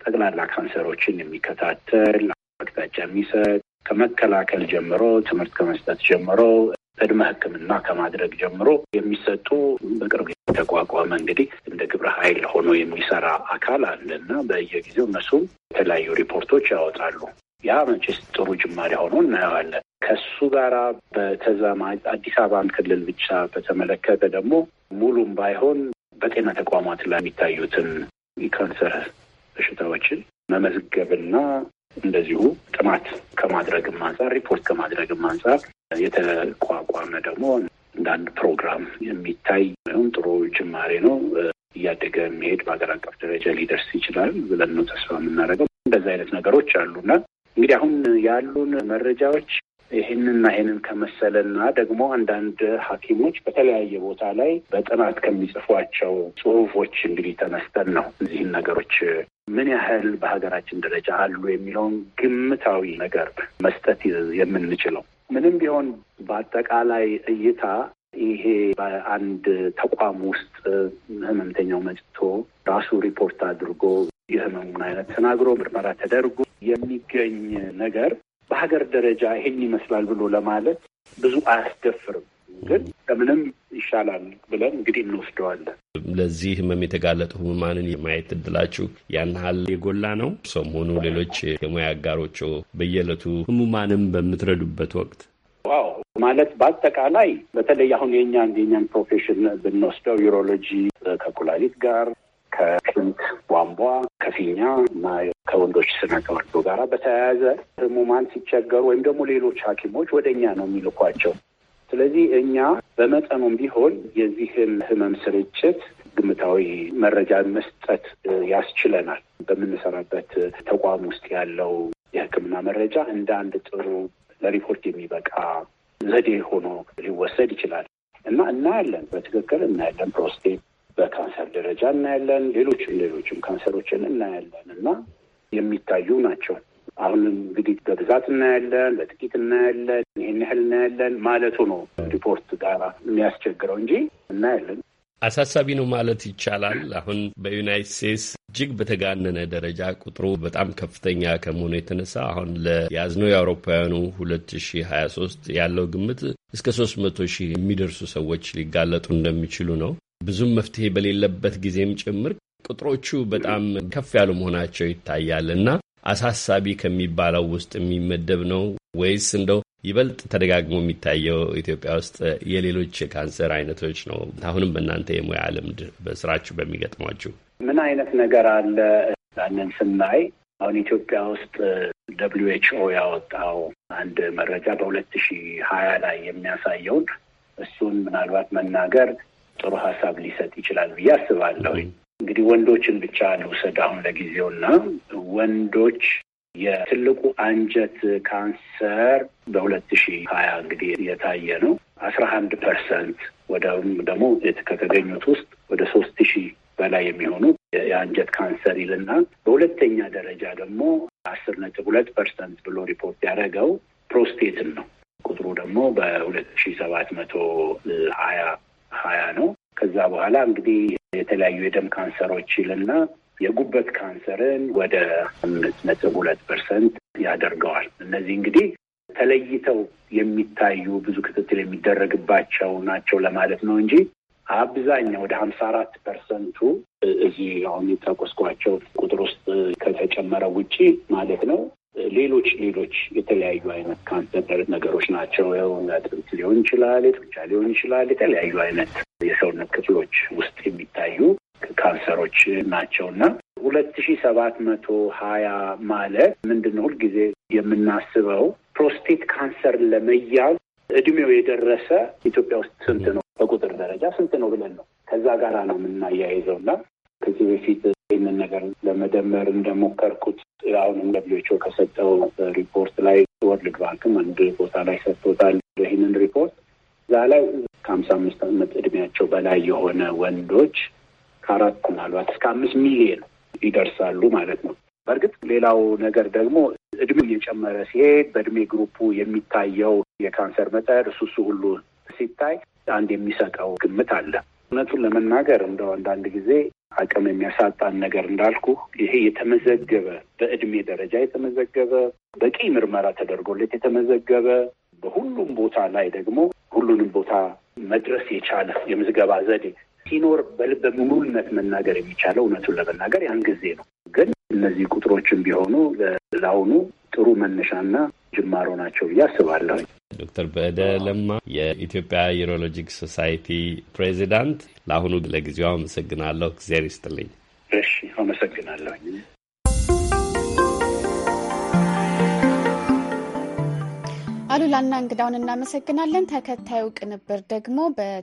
ጠቅላላ ካንሰሮችን የሚከታተል አቅጣጫ የሚሰጥ ከመከላከል ጀምሮ ትምህርት ከመስጠት ጀምሮ ቅድመ ሕክምና ከማድረግ ጀምሮ የሚሰጡ በቅርብ የተቋቋመ እንግዲህ እንደ ግብረ ኃይል ሆኖ የሚሰራ አካል አለና በየጊዜው እነሱም የተለያዩ ሪፖርቶች ያወጣሉ። ያ መቼስ ጥሩ ጅማሬ ሆኖ እናየዋለን። ከሱ ጋራ በተዛማጅ አዲስ አበባን ክልል ብቻ በተመለከተ ደግሞ ሙሉም ባይሆን በጤና ተቋማት ላይ የሚታዩትን የካንሰር በሽታዎችን መመዝገብና እንደዚሁ ጥናት ከማድረግም አንጻር ሪፖርት ከማድረግም አንጻር የተቋቋመ ደግሞ እንዳንድ ፕሮግራም የሚታይ ወይም ጥሩ ጅማሬ ነው። እያደገ የሚሄድ በሀገር አቀፍ ደረጃ ሊደርስ ይችላል ብለን ነው ተስፋ የምናደርገው። እንደዚህ አይነት ነገሮች አሉና እንግዲህ አሁን ያሉን መረጃዎች ይህንና ይህንን ከመሰለና ደግሞ አንዳንድ ሐኪሞች በተለያየ ቦታ ላይ በጥናት ከሚጽፏቸው ጽሁፎች እንግዲህ ተነስተን ነው እዚህን ነገሮች ምን ያህል በሀገራችን ደረጃ አሉ የሚለውን ግምታዊ ነገር መስጠት የምንችለው ምንም ቢሆን በአጠቃላይ እይታ ይሄ በአንድ ተቋም ውስጥ ህመምተኛው መጥቶ ራሱ ሪፖርት አድርጎ የህመሙን አይነት ተናግሮ ምርመራ ተደርጎ የሚገኝ ነገር በሀገር ደረጃ ይሄን ይመስላል ብሎ ለማለት ብዙ አያስደፍርም። ግን ከምንም ይሻላል ብለን እንግዲህ እንወስደዋለን። ለዚህ ህመም የተጋለጡ ህሙማንን የማየት እድላችሁ ያን ያህል የጎላ ነው? ሰሞኑ ሌሎች የሙያ አጋሮች በየዕለቱ ህሙማንም በምትረዱበት ወቅት ዋው ማለት በአጠቃላይ በተለይ አሁን የኛ የኛን ፕሮፌሽን ብንወስደው ዩሮሎጂ ከኩላሊት ጋር ከሽንት ቧንቧ ከፊኛ እና ከወንዶች ስነ ተዋልዶ ጋር በተያያዘ ህሙማን ሲቸገሩ ወይም ደግሞ ሌሎች ሐኪሞች ወደ እኛ ነው የሚልኳቸው። ስለዚህ እኛ በመጠኑም ቢሆን የዚህን ህመም ስርጭት ግምታዊ መረጃ መስጠት ያስችለናል። በምንሰራበት ተቋም ውስጥ ያለው የሕክምና መረጃ እንደ አንድ ጥሩ ለሪፖርት የሚበቃ ዘዴ ሆኖ ሊወሰድ ይችላል እና እናያለን፣ በትክክል እናያለን። ፕሮስቴት በካንሰር ደረጃ እናያለን፣ ሌሎችም ሌሎችም ካንሰሮችን እናያለን እና የሚታዩ ናቸው። አሁንም እንግዲህ በብዛት እናያለን፣ በጥቂት እናያለን፣ ይህን ያህል እናያለን ማለቱ ነው ሪፖርት ጋር የሚያስቸግረው እንጂ እናያለን። አሳሳቢ ነው ማለት ይቻላል። አሁን በዩናይት ስቴትስ እጅግ በተጋነነ ደረጃ ቁጥሩ በጣም ከፍተኛ ከመሆኑ የተነሳ አሁን ለያዝነው የአውሮፓውያኑ 2023 ያለው ግምት እስከ 300 ሺህ የሚደርሱ ሰዎች ሊጋለጡ እንደሚችሉ ነው። ብዙም መፍትሄ በሌለበት ጊዜም ጭምር ቁጥሮቹ በጣም ከፍ ያሉ መሆናቸው ይታያል እና አሳሳቢ ከሚባለው ውስጥ የሚመደብ ነው ወይስ እንደው ይበልጥ ተደጋግሞ የሚታየው ኢትዮጵያ ውስጥ የሌሎች የካንሰር አይነቶች ነው? አሁንም በእናንተ የሙያ ልምድ በስራችሁ በሚገጥሟችሁ ምን አይነት ነገር አለ? ያንን ስናይ አሁን ኢትዮጵያ ውስጥ ደብሊዩ ኤች ኦ ያወጣው አንድ መረጃ በሁለት ሺ ሀያ ላይ የሚያሳየውን እሱን ምናልባት መናገር ጥሩ ሀሳብ ሊሰጥ ይችላል ብዬ አስባለሁ። እንግዲህ ወንዶችን ብቻ ልውሰድ አሁን ለጊዜው ለጊዜውና ወንዶች የትልቁ አንጀት ካንሰር በሁለት ሺ ሀያ እንግዲህ የታየ ነው። አስራ አንድ ፐርሰንት ወደም ደግሞ ከተገኙት ውስጥ ወደ ሶስት ሺህ በላይ የሚሆኑ የአንጀት ካንሰር ይልና በሁለተኛ ደረጃ ደግሞ አስር ነጥብ ሁለት ፐርሰንት ብሎ ሪፖርት ያደረገው ፕሮስቴትን ነው። ቁጥሩ ደግሞ በሁለት ሺ ሰባት መቶ ሀያ ሀያ ነው። ከዛ በኋላ እንግዲህ የተለያዩ የደም ካንሰሮች ይልና የጉበት ካንሰርን ወደ አምስት ነጥብ ሁለት ፐርሰንት ያደርገዋል። እነዚህ እንግዲህ ተለይተው የሚታዩ ብዙ ክትትል የሚደረግባቸው ናቸው ለማለት ነው እንጂ አብዛኛው ወደ ሀምሳ አራት ፐርሰንቱ እዚህ አሁን የጠቀስኳቸው ቁጥር ውስጥ ከተጨመረ ውጪ ማለት ነው ሌሎች ሌሎች የተለያዩ አይነት ካንሰር ነገሮች ናቸው። ያው ጥንት ሊሆን ይችላል፣ የጡንቻ ሊሆን ይችላል፣ የተለያዩ አይነት የሰውነት ክፍሎች ውስጥ የሚታዩ ካንሰሮች ናቸው እና ሁለት ሺ ሰባት መቶ ሀያ ማለት ምንድን ነው? ሁልጊዜ የምናስበው ፕሮስቴት ካንሰር ለመያዝ እድሜው የደረሰ ኢትዮጵያ ውስጥ ስንት ነው? በቁጥር ደረጃ ስንት ነው ብለን ነው ከዛ ጋራ ነው የምናያይዘው እና ከዚህ በፊት ይህንን ነገር ለመደመር እንደሞከርኩት አሁንም ደብሊውኤችኦ ከሰጠው ሪፖርት ላይ ወርልድ ባንክም አንድ ቦታ ላይ ሰጥቶታል ይህንን ሪፖርት እዛ ላይ ከሀምሳ አምስት ዓመት እድሜያቸው በላይ የሆነ ወንዶች ከአራት ምናልባት እስከ አምስት ሚሊዮን ይደርሳሉ ማለት ነው። በእርግጥ ሌላው ነገር ደግሞ እድሜ እየጨመረ ሲሄድ በእድሜ ግሩፑ የሚታየው የካንሰር መጠን እሱ እሱ ሁሉ ሲታይ አንድ የሚሰጠው ግምት አለ። እውነቱን ለመናገር እንደው አንዳንድ ጊዜ አቅም የሚያሳጣን ነገር እንዳልኩ ይሄ የተመዘገበ በእድሜ ደረጃ የተመዘገበ በቂ ምርመራ ተደርጎለት የተመዘገበ በሁሉም ቦታ ላይ ደግሞ ሁሉንም ቦታ መድረስ የቻለ የምዝገባ ዘዴ ሲኖር በልበ ሙሉነት መናገር የሚቻለው እውነቱን ለመናገር ያን ጊዜ ነው። ግን እነዚህ ቁጥሮችም ቢሆኑ ለአሁኑ ጥሩ መነሻና ጅማሮ ናቸው ብዬ አስባለሁ። ዶክተር በእደ ለማ የኢትዮጵያ ዩሮሎጂክ ሶሳይቲ ፕሬዚዳንት፣ ለአሁኑ ለጊዜው አመሰግናለሁ። እግዚአብሔር ይስጥልኝ። እሺ አመሰግናለሁ። አሉላና እንግዳውን እናመሰግናለን። ተከታዩ ቅንብር ደግሞ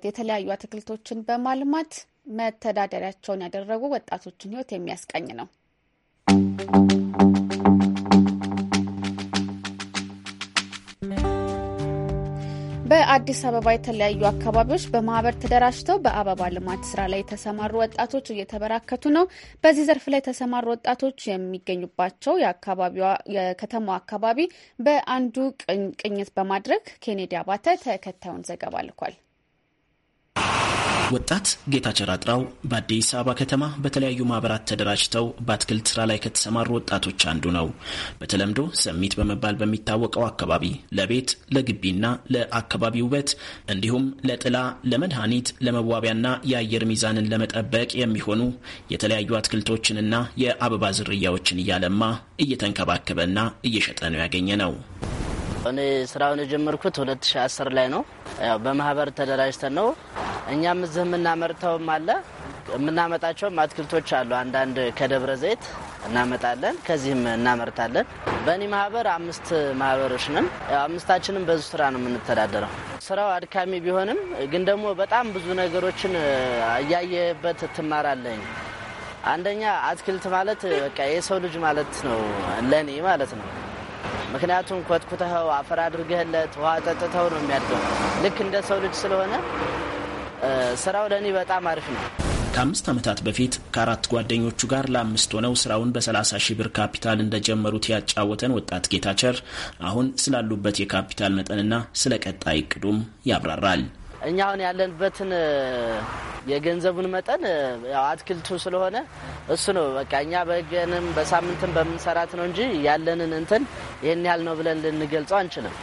የተለያዩ አትክልቶችን በማልማት መተዳደሪያቸውን ያደረጉ ወጣቶችን ሕይወት የሚያስቀኝ ነው። በአዲስ አበባ የተለያዩ አካባቢዎች በማህበር ተደራጅተው በአበባ ልማት ስራ ላይ የተሰማሩ ወጣቶች እየተበራከቱ ነው። በዚህ ዘርፍ ላይ የተሰማሩ ወጣቶች የሚገኙባቸው የከተማው አካባቢ በአንዱ ቅኝት በማድረግ ኬኔዲ አባተ ተከታዩን ዘገባ ልኳል። ወጣት ጌታ ጨራጥራው በአዲስ አበባ ከተማ በተለያዩ ማህበራት ተደራጅተው በአትክልት ስራ ላይ ከተሰማሩ ወጣቶች አንዱ ነው። በተለምዶ ሰሚት በመባል በሚታወቀው አካባቢ ለቤት ለግቢና ለአካባቢ ውበት እንዲሁም ለጥላ፣ ለመድኃኒት፣ ለመዋቢያና የአየር ሚዛንን ለመጠበቅ የሚሆኑ የተለያዩ አትክልቶችንና የአበባ ዝርያዎችን እያለማ እየተንከባከበና እየሸጠ ነው ያገኘ ነው። እኔ ስራውን የጀመርኩት 2010 ላይ ነው። ያው በማህበር ተደራጅተን ነው። እኛም እዚህ የምናመርተውም አለ የምናመጣቸውም አትክልቶች አሉ። አንዳንድ ከደብረ ዘይት እናመጣለን፣ ከዚህም እናመርታለን። በእኔ ማህበር አምስት ማህበሮች ነን። አምስታችንም በዙ ስራ ነው የምንተዳደረው። ስራው አድካሚ ቢሆንም ግን ደግሞ በጣም ብዙ ነገሮችን እያየበት ትማራለኝ። አንደኛ አትክልት ማለት በቃ የሰው ልጅ ማለት ነው ለእኔ ማለት ነው ምክንያቱም ኮትኩተኸው አፈር አድርገህለት ውሃ ጠጥተው ነው የሚያድገው። ልክ እንደ ሰው ልጅ ስለሆነ ስራው ለእኔ በጣም አሪፍ ነው። ከአምስት ዓመታት በፊት ከአራት ጓደኞቹ ጋር ለአምስት ሆነው ስራውን በ30 ሺ ብር ካፒታል እንደጀመሩት ያጫወተን ወጣት ጌታቸር አሁን ስላሉበት የካፒታል መጠንና ስለ ቀጣይ እቅዱም ያብራራል። እኛ አሁን ያለንበትን የገንዘቡን መጠን አትክልቱ ስለሆነ እሱ ነው በቃ እኛ በገንም በሳምንትም በምንሰራት ነው እንጂ ያለንን እንትን ይህን ያህል ነው ብለን ልንገልጸው አንችልም።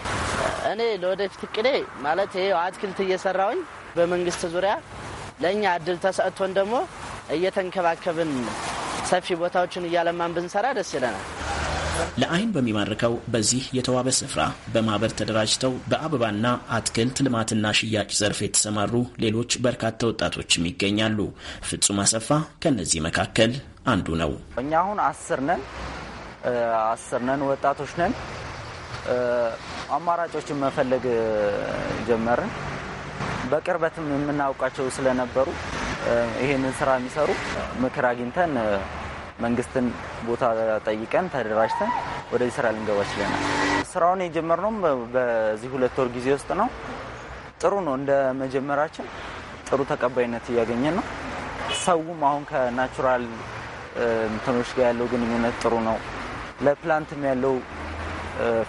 እኔ ለወደፊት እቅዴ ማለት ይሄ አትክልት እየሰራውኝ በመንግስት ዙሪያ ለእኛ እድል ተሰጥቶን ደግሞ እየተንከባከብን ሰፊ ቦታዎችን እያለማን ብንሰራ ደስ ይለናል። ለአይን በሚማርከው በዚህ የተዋበ ስፍራ በማህበር ተደራጅተው በአበባና አትክልት ልማትና ሽያጭ ዘርፍ የተሰማሩ ሌሎች በርካታ ወጣቶችም ይገኛሉ። ፍጹም አሰፋ ከእነዚህ መካከል አንዱ ነው። እኛ አሁን አስር ነን አስር ነን ወጣቶች ነን። አማራጮችን መፈለግ ጀመርን። በቅርበትም የምናውቃቸው ስለነበሩ ይህንን ስራ የሚሰሩ ምክር አግኝተን መንግስትን ቦታ ጠይቀን ተደራጅተን ወደዚህ ስራ ልንገባ ችለናል። ስራውን የጀመርነውም በዚህ ሁለት ወር ጊዜ ውስጥ ነው። ጥሩ ነው። እንደ መጀመራችን ጥሩ ተቀባይነት እያገኘን ነው። ሰውም አሁን ከናቹራል እንትኖች ጋር ያለው ግንኙነት ጥሩ ነው። ለፕላንትም ያለው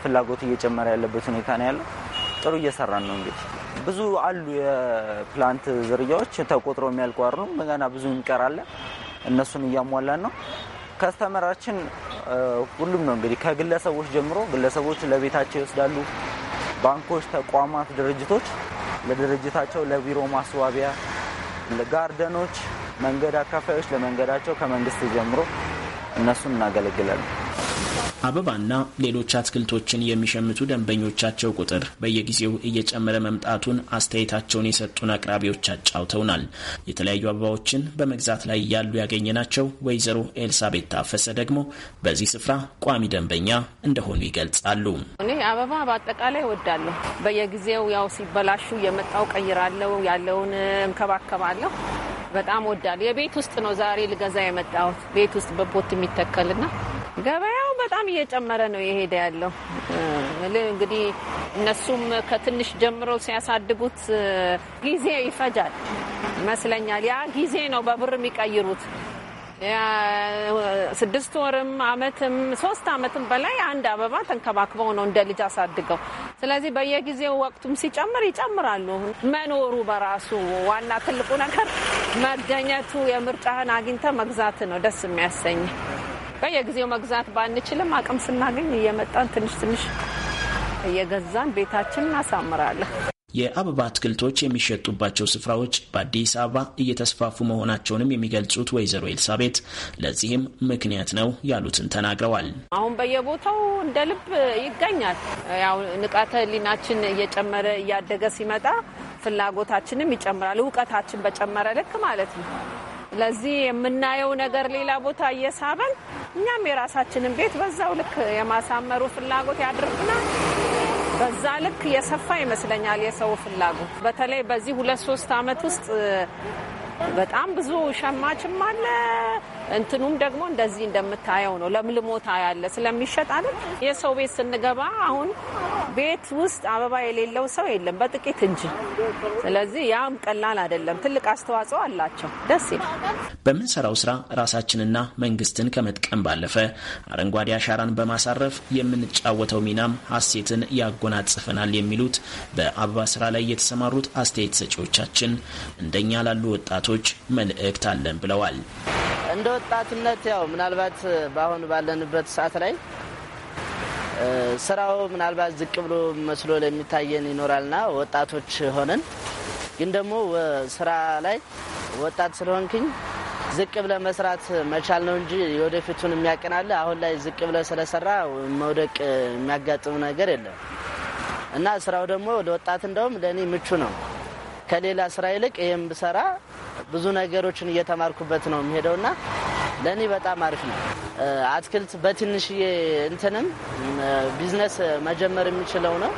ፍላጎት እየጨመረ ያለበት ሁኔታ ነው ያለው። ጥሩ እየሰራን ነው። እንግዲህ ብዙ አሉ የፕላንት ዝርያዎች ተቆጥሮ የሚያልቁ አይደሉም። ገና ብዙ ይቀራለን። እነሱን እያሟላን ነው። ከስተመራችን ሁሉም ነው እንግዲህ ከግለሰቦች ጀምሮ ግለሰቦች ለቤታቸው ይወስዳሉ። ባንኮች፣ ተቋማት፣ ድርጅቶች ለድርጅታቸው ለቢሮ ማስዋቢያ፣ ጋርደኖች፣ መንገድ አካፋዮች ለመንገዳቸው ከመንግስት ጀምሮ እነሱን እናገለግላለን። አበባና ሌሎች አትክልቶችን የሚሸምቱ ደንበኞቻቸው ቁጥር በየጊዜው እየጨመረ መምጣቱን አስተያየታቸውን የሰጡን አቅራቢዎች አጫውተውናል። የተለያዩ አበባዎችን በመግዛት ላይ ያሉ ያገኘናቸው ወይዘሮ ኤልሳቤት ታፈሰ ደግሞ በዚህ ስፍራ ቋሚ ደንበኛ እንደሆኑ ይገልጻሉ። እኔ አበባ በአጠቃላይ እወዳለሁ። በየጊዜው ያው ሲበላሹ የመጣው ቀይራለው ያለውን እንከባከባለሁ። በጣም እወዳለሁ። የቤት ውስጥ ነው ዛሬ ልገዛ የመጣሁት ቤት ውስጥ በፖት የሚተከልና ገበያው በጣም እየጨመረ ነው የሄደ ያለው። እንግዲህ እነሱም ከትንሽ ጀምሮ ሲያሳድጉት ጊዜ ይፈጃል ይመስለኛል። ያ ጊዜ ነው በብር የሚቀይሩት። ስድስት ወርም አመትም ሶስት አመትም በላይ አንድ አበባ ተንከባክበው ነው እንደ ልጅ አሳድገው። ስለዚህ በየጊዜው ወቅቱም ሲጨምር ይጨምራሉ። መኖሩ በራሱ ዋና ትልቁ ነገር መገኘቱ፣ የምርጫህን አግኝተ መግዛት ነው ደስ የሚያሰኝ። በየጊዜው መግዛት ባንችልም አቅም ስናገኝ እየመጣን ትንሽ ትንሽ እየገዛን ቤታችን እናሳምራለን። የአበባ አትክልቶች የሚሸጡባቸው ስፍራዎች በአዲስ አበባ እየተስፋፉ መሆናቸውንም የሚገልጹት ወይዘሮ ኤልሳቤት ለዚህም ምክንያት ነው ያሉትን ተናግረዋል። አሁን በየቦታው እንደ ልብ ይገኛል። ያው ንቃተ ሕሊናችን እየጨመረ እያደገ ሲመጣ ፍላጎታችንም ይጨምራል። እውቀታችን በጨመረ ልክ ማለት ነው። ለዚህ የምናየው ነገር ሌላ ቦታ እየሳበን እኛም የራሳችንን ቤት በዛው ልክ የማሳመሩ ፍላጎት ያድርብናል። በዛ ልክ የሰፋ ይመስለኛል የሰው ፍላጎት። በተለይ በዚህ ሁለት ሶስት አመት ውስጥ በጣም ብዙ ሸማችም አለ እንትኑም ደግሞ እንደዚህ እንደምታየው ነው። ለምልሞታ ያለ ስለሚሸጥ አይደል የሰው ቤት ስንገባ አሁን ቤት ውስጥ አበባ የሌለው ሰው የለም በጥቂት እንጂ። ስለዚህ ያም ቀላል አይደለም፣ ትልቅ አስተዋጽኦ አላቸው። ደስ ይላል። በምንሰራው ስራ ራሳችንና መንግስትን ከመጥቀም ባለፈ አረንጓዴ አሻራን በማሳረፍ የምንጫወተው ሚናም ሀሴትን ያጎናጽፈናል የሚሉት በአበባ ስራ ላይ የተሰማሩት አስተያየት ሰጪዎቻችን እንደኛ ላሉ ወጣቶች መልእክት አለን ብለዋል። ወጣትነት ያው ምናልባት በአሁን ባለንበት ሰዓት ላይ ስራው ምናልባት ዝቅ ብሎ መስሎ ለሚታየን ይኖራልና ወጣቶች ሆነን ግን ደግሞ ስራ ላይ ወጣት ስለሆንክኝ ዝቅ ብለ መስራት መቻል ነው እንጂ የወደፊቱን የሚያቀናለ አሁን ላይ ዝቅ ብለ ስለሰራ መውደቅ የሚያጋጥም ነገር የለም እና ስራው ደግሞ ለወጣት እንደውም ለእኔ ምቹ ነው። ከሌላ ስራ ይልቅ ይህም ብሰራ ብዙ ነገሮችን እየተማርኩበት ነው የሚሄደው እና ለእኔ በጣም አሪፍ ነው። አትክልት በትንሽዬ እንትንም ቢዝነስ መጀመር የሚችለው ነው።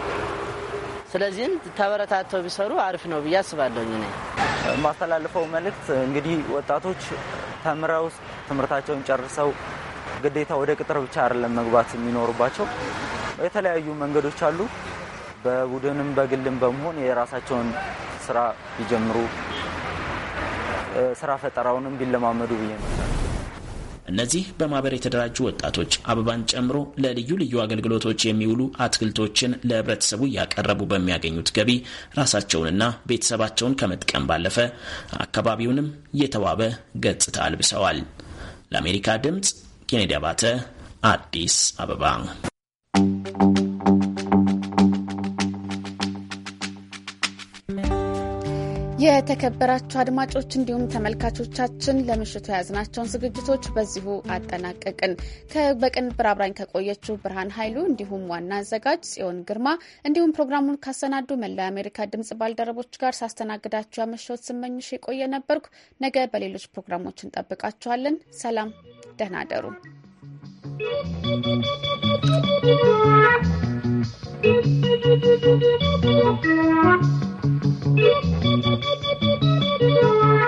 ስለዚህም ተበረታተው ቢሰሩ አሪፍ ነው ብዬ አስባለሁኝ። እኔ የማስተላልፈው መልእክት እንግዲህ ወጣቶች ተምረው ትምህርታቸውን ጨርሰው ግዴታ ወደ ቅጥር ብቻ አይደለም መግባት የሚኖሩባቸው የተለያዩ መንገዶች አሉ። በቡድንም በግልም በመሆን የራሳቸውን ስራ ቢጀምሩ ስራ ፈጠራውንም ቢለማመዱ ብዬ ነው። እነዚህ በማህበር የተደራጁ ወጣቶች አበባን ጨምሮ ለልዩ ልዩ አገልግሎቶች የሚውሉ አትክልቶችን ለህብረተሰቡ እያቀረቡ በሚያገኙት ገቢ ራሳቸውንና ቤተሰባቸውን ከመጥቀም ባለፈ አካባቢውንም የተዋበ ገጽታ አልብሰዋል። ለአሜሪካ ድምፅ ኬኔዲ አባተ አዲስ አበባ የተከበራችሁ አድማጮች እንዲሁም ተመልካቾቻችን ለምሽቱ የያዝናቸውን ዝግጅቶች በዚሁ አጠናቀቅን። በቅንብር አብራኝ ከቆየችው ብርሃን ኃይሉ እንዲሁም ዋና አዘጋጅ ጽዮን ግርማ እንዲሁም ፕሮግራሙን ካሰናዱ መላ የአሜሪካ ድምጽ ባልደረቦች ጋር ሳስተናግዳችሁ ያመሸሁት ስመኝሽ የቆየ ነበርኩ። ነገ በሌሎች ፕሮግራሞች እንጠብቃችኋለን። ሰላም፣ ደህና አደሩ። Thank you.